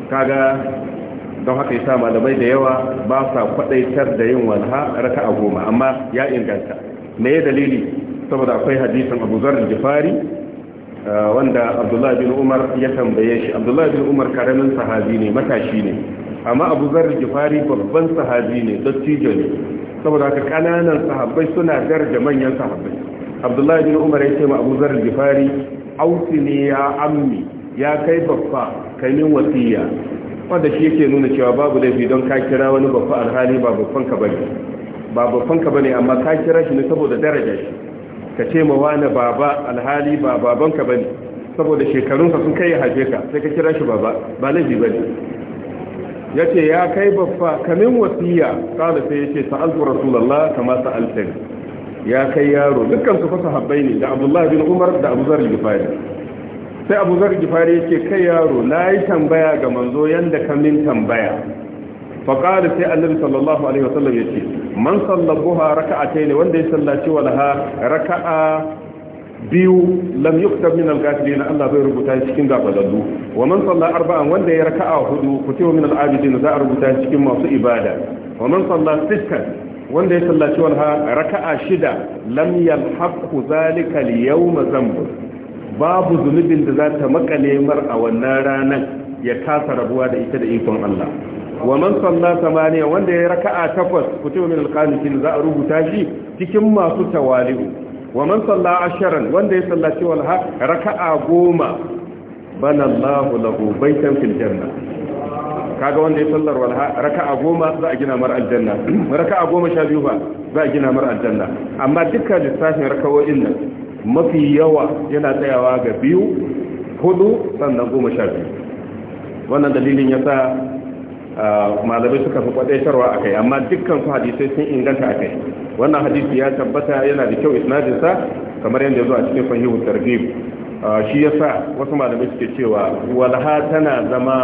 A: kaga don haka yasa malamai da yawa ba sa kwadaitar da yin walha raka a goma amma ya inganta me ya dalili saboda akwai hadisin Abu Zar al uh, wanda Abdullah bin Umar ya tambaye shi Abdullah bin Umar karamin sahabi ne matashi ne amma Abu Zar al babban sahabi ne dattijo ne saboda haka kananan sahabbai suna daraja manyan sahabbai Abdullah bin Umar ya ce ma Abu Zar al-Ghifari ausini ya ammi ya kai babba kai min wasiya wanda shi yake nuna cewa babu laifi don ka kira wani babba alhali ba babban ka bane ba babban ka bane amma ka kira shi ne saboda daraja shi ka ce ma wani baba alhali ba baban ka bane saboda shekarun ka sun kai haje ka sai ka kira shi baba ba laifi bane yace ya kai babba kamin wasiya kada sai yace sa'altu rasulullah kama sa'altani ya kai yaro dukkan su fa sahabbai ne da abdullahi bin umar da abu zar al-ghifari sai abu zar gifari yake kai yaro na yi tambaya ga manzo yadda ka min tambaya faƙari sai annabi sallallahu alaihi wasallam ya ce man sallabuha raka'a ne wanda ya sallaci walaha raka'a biyu lam yuktab min al-ghafilin Allah bai rubuta cikin gafalallu wa man salla arba'an wanda ya raka'a hudu kutiba min al-abidin za a rubuta cikin masu ibada wa man salla sittan wanda ya sallaci walaha raka'a shida lam yalhaqu zalika al-yawma dhanbun babu zunubin da za ta makale mar a wannan ranar ya kasa rabuwa da ita da ikon Allah wa man salla samaniya wanda ya raka'a takwas kutuba min alqanitin za a rubuta shi cikin masu tawali'u wa man salla asharan wanda ya sallaci wal raka'a goma bana Allahu lahu baitan fil janna kaga wanda ya sallar wal raka'a goma za a gina mar aljanna raka'a goma sha biyu ba za a gina mar aljanna amma dukkan lissafin raka'o'in nan mafi yawa yana tsayawa ga biyu hudu sannan goma sha biyu wannan dalilin ya sa malamai suka fi sharwa a kai amma dukkan su hadisai sun inganta a kai wannan hadisi ya tabbata yana da kyau isnadinsa kamar yadda zuwa cikin sahihu targhib shi ya sa wasu malamai suke cewa walha tana zama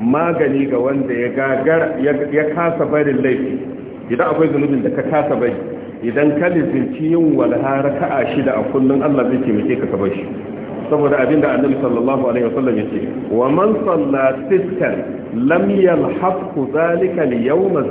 A: magani ga wanda ya kasa barin laifi idan akwai zunubin da ka kasa bari idan ka lizinci yin walha raka'a shida a kullum Allah zai taimake ka ka shi saboda abin da annabi sallallahu alaihi wasallam yace wa man salla sittan lam yalhaqu zalika al-yawma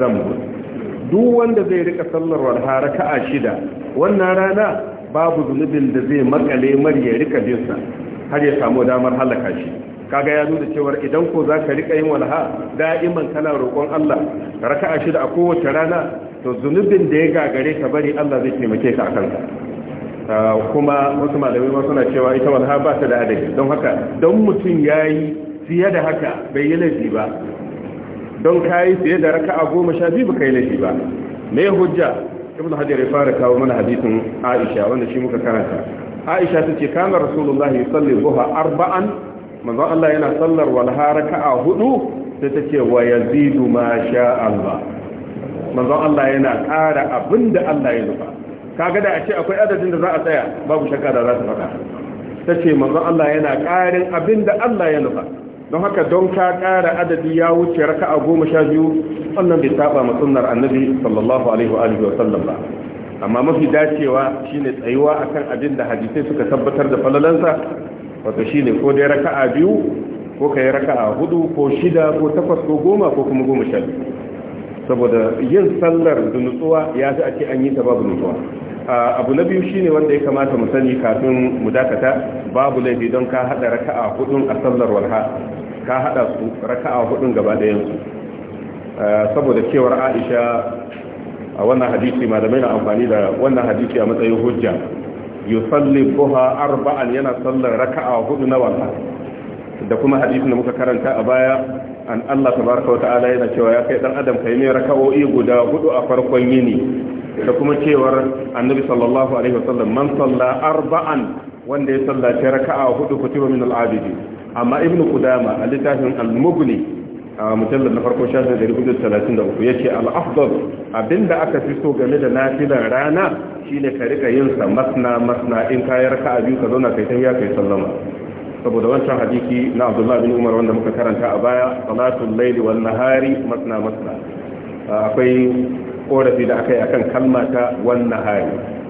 A: duk wanda zai rika sallar walha raka'a shida wannan rana babu zunubin da zai makale mar ya rika binsa sa har ya samu damar halaka shi kaga ya nuna cewa idan ko zaka rika yin walha da'iman kana roƙon Allah raka'a shida a kowace rana to zunubin da ya gagare ka bari Allah zai taimake ka akan ka ah, kuma wasu malami ma suna cewa ita walha ba ta da adadi don haka don mutum yayi fiye da haka bai yi laifi ba don kayi fiye da raka a goma sha biyu bai yi laifi ba me hujja ibn hajar ya fara kawo mana hadisin aisha wanda shi muka karanta aisha ta ce kana rasulullahi yusalli duha arba'an manzon Allah yana sallar walha a hudu sai ta ce wa yazidu ma sha Allah manzon Allah yana ƙara abinda Allah ya nufa kaga da a ce akwai adadin da za a tsaya babu shakka da za ta faɗa ta ce manzon Allah yana ƙarin da Allah ya nufa don haka don ka ƙara adadi ya wuce raka'a goma sha biyu wannan bai saba ma sunnar annabi sallallahu alaihi wa sallam ba amma mafi dacewa shine tsayuwa akan abin da hadisai suka tabbatar da falalansa wato shine ko dai raka'a biyu ko kai raka'a hudu ko shida ko takwas ko goma ko kuma goma sha biyu saboda yin sallar da nutsuwa ya fi ake an yi ta babu nutsuwa abu na biyu shi ne wanda ya kamata mu sani kafin mu dakata babu laifi don ka hada raka'a hudun a sallar walha ka hada su raka'a hudun gaba ɗayan su saboda cewar Aisha a wannan hadisi malamai na amfani da wannan hadisi a matsayin hujja yusalli buha arba'an yana sallar raka'a hudu na walha da kuma hadisin da muka karanta a baya an Allah tabaraka wa ta'ala yana cewa ya kai dan adam kai ne raka'o'i guda hudu a farkon yini da kuma cewar annabi sallallahu alaihi wasallam man salla arba'an wanda ya sallace raka'a hudu kutiba min al-abidi amma ibn qudama a littafin al-mughni a mujallar na farko shafin 433 yace al-afdal abinda aka fi so game da nafilan rana shine ka rika yin sa masna masna in ka raka'a biyu ka zauna kai ta ya kai sallama saboda wancan hadisi na abdullahi bin umar wanda muka karanta a baya salatul laili wal nahari masna masna akwai korafi da aka yi akan kalma ta wan nahari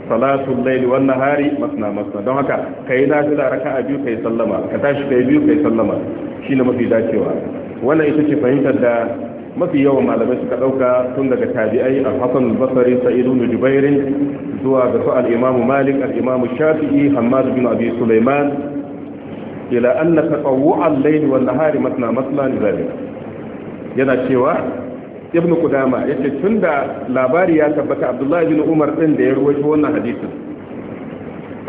A: salatul laili wan nahari masna masna don haka kai nafila raka'a biyu kai sallama ka tashi kai biyu kai sallama shine mafi dacewa wannan ita ce fahimtar da mafi yawan malamai suka ɗauka tun daga tabi'ai al-hasan al-basri sa'id ibn zuwa ga su al malik al imamu shafi'i hammad bin abi sulaiman ila anna tatawwu'al layli wan nahari masna masna li zalika yana cewa ibn Kudama qudama tun da labari ya tabbata abdullahi bin umar ɗin da ya ruwaito wannan hadisin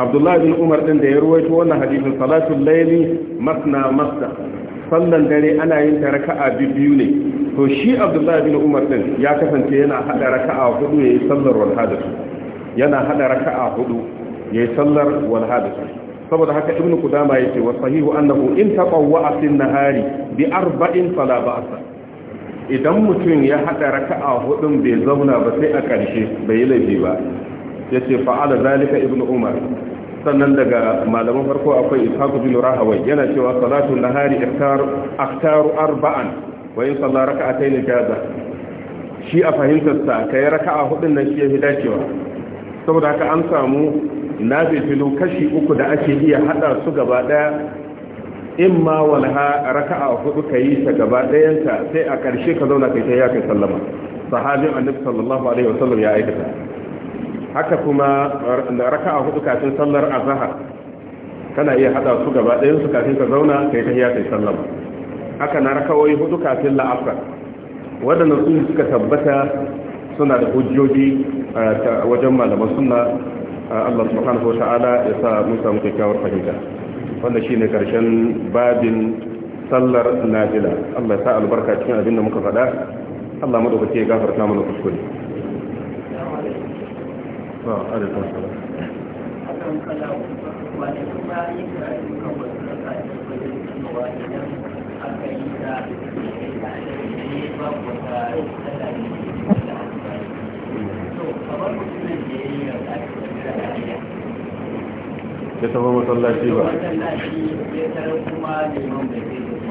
A: abdullahi bin umar ɗin da ya ruwaito wannan hadisin salatul Laini, masna masna sallan dare ana yin ta raka'a biyu ne to shi abdullahi bin umar ɗin ya kasance yana haɗa raka'a hudu yayin sallar wal yana hada raka'a hudu yayin sallar wal hadath saboda haka ibnu kudama yake wa sahihu annahu in taqawwa fi nahari bi arba'in fala ba'sa idan mutum ya hada raka'a hudun bai zauna ba sai a karshe bai yi laifi ba yace fa'ala zalika ibnu umar sannan daga malaman farko akwai ishaq bin rahawai yana cewa salatu nahari iftar aftaru arba'an wa in salla raka'atayn jaza shi a fahimtar sa kai raka'a hudun nan shi ya dacewa saboda haka an samu na filo kashi uku da ake iya hada su gaba daya in ma walha raka'a hudu ka yi ta gaba dayanta sai a ƙarshe ka zauna kai ta ya kai sallama sahabin annabi sallallahu alaihi wasallam ya aikata haka kuma raka'a hudu kafin sallar azhar kana iya hada su gaba dayan su kafin ka zauna kai ta ya kai sallama haka na raka'o'i hudu kafin la'asar wadannan su suka tabbata suna da hujjoji wajen malaman sunna Allah subhanahu wa ta'ala ya sa mun samu kyakkyawar fahimta wanda shine karshen babin sallar nafila Allah ya sa albarka cikin abin da muka faɗa Allah madaukake ya gafarta mana kuskure
B: ba alaikum salam Thank you.
A: ya tafi masallaci ba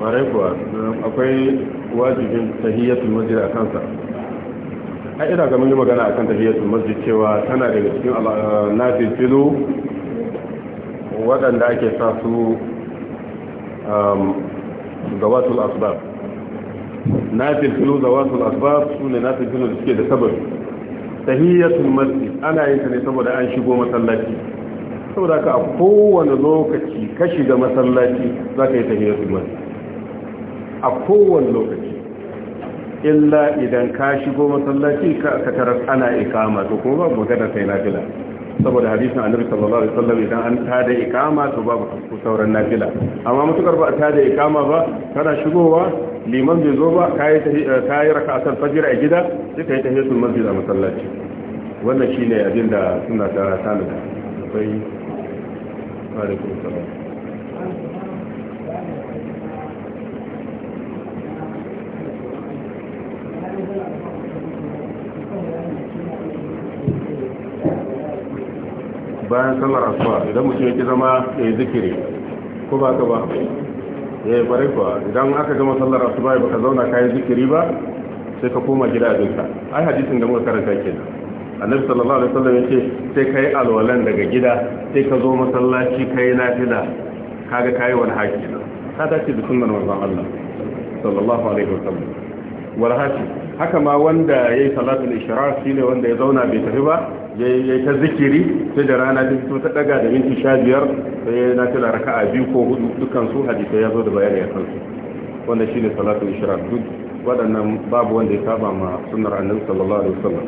A: ƙwarai kuwa akwai wajibin tahiyyatul masjid a kansa a ina ga yi magana akan tahiyyatul masjid cewa tana daga cikin eh, nafin filo waɗanda ake sa su um, zawatul asbab nafin filo zawatul asbab su ne nafin filo da suke da sabar tahiyyatul masjid ana yin ta ne saboda an shigo masallaci saboda ka a kowane lokaci ka shiga masallaci za ka yi ta masjid a kowane lokaci illa idan ka shigo masallaci ka tarar ana ikama to kuma babu magana sai nafila saboda hadisin annabi sallallahu alaihi wasallam idan an tada ikama to babu ku sauran nafila amma mutukar ba a tada ikama ba kana shigowa liman bai zo ba kai kai raka'atul fajr a gida sai kai tahiyatul masjid a masallaci wannan shine abin da suna ta sanu akwai bayan sallar asuwa idan mutum yake zama ya yi zikiri ko ba ka ba ya yi bari kuwa idan aka gama sallar asuwa ya ka zauna ka yi zikiri ba sai ka koma gida abinka ai hadisin da muka karanta kenan annabi sallallahu alaihi wasallam yace sai kai alwalan daga gida sai ka zo masallaci kai nafila kaga kai wani haƙi ka dace da sunnar manzon Allah sallallahu alaihi wasallam wal haƙi haka ma wanda yayi salatul shi shine wanda ya zauna bai tafi ba yayi ta zikiri sai da rana ta fito ta daga da minti 15 sai ya nafila raka'a biyu ko hudu dukkan su hadisi ya zo da bayani a kansu wanda shine salatul ishrar duk waɗannan babu wanda ya saba ma sunnar annabi sallallahu alaihi wasallam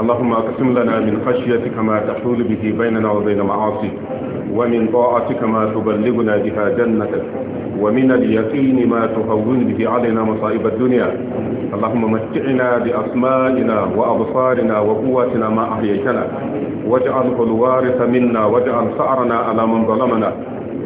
A: اللهم اقسم لنا من خشيتك ما تحول به بيننا وبين معاصيك ومن طاعتك ما تبلغنا بها جنتك ومن اليقين ما تهون به علينا مصائب الدنيا اللهم متعنا بأسمائنا وأبصارنا وقواتنا ما أحييتنا واجعله الوارث منا واجعل ثأرنا على من ظلمنا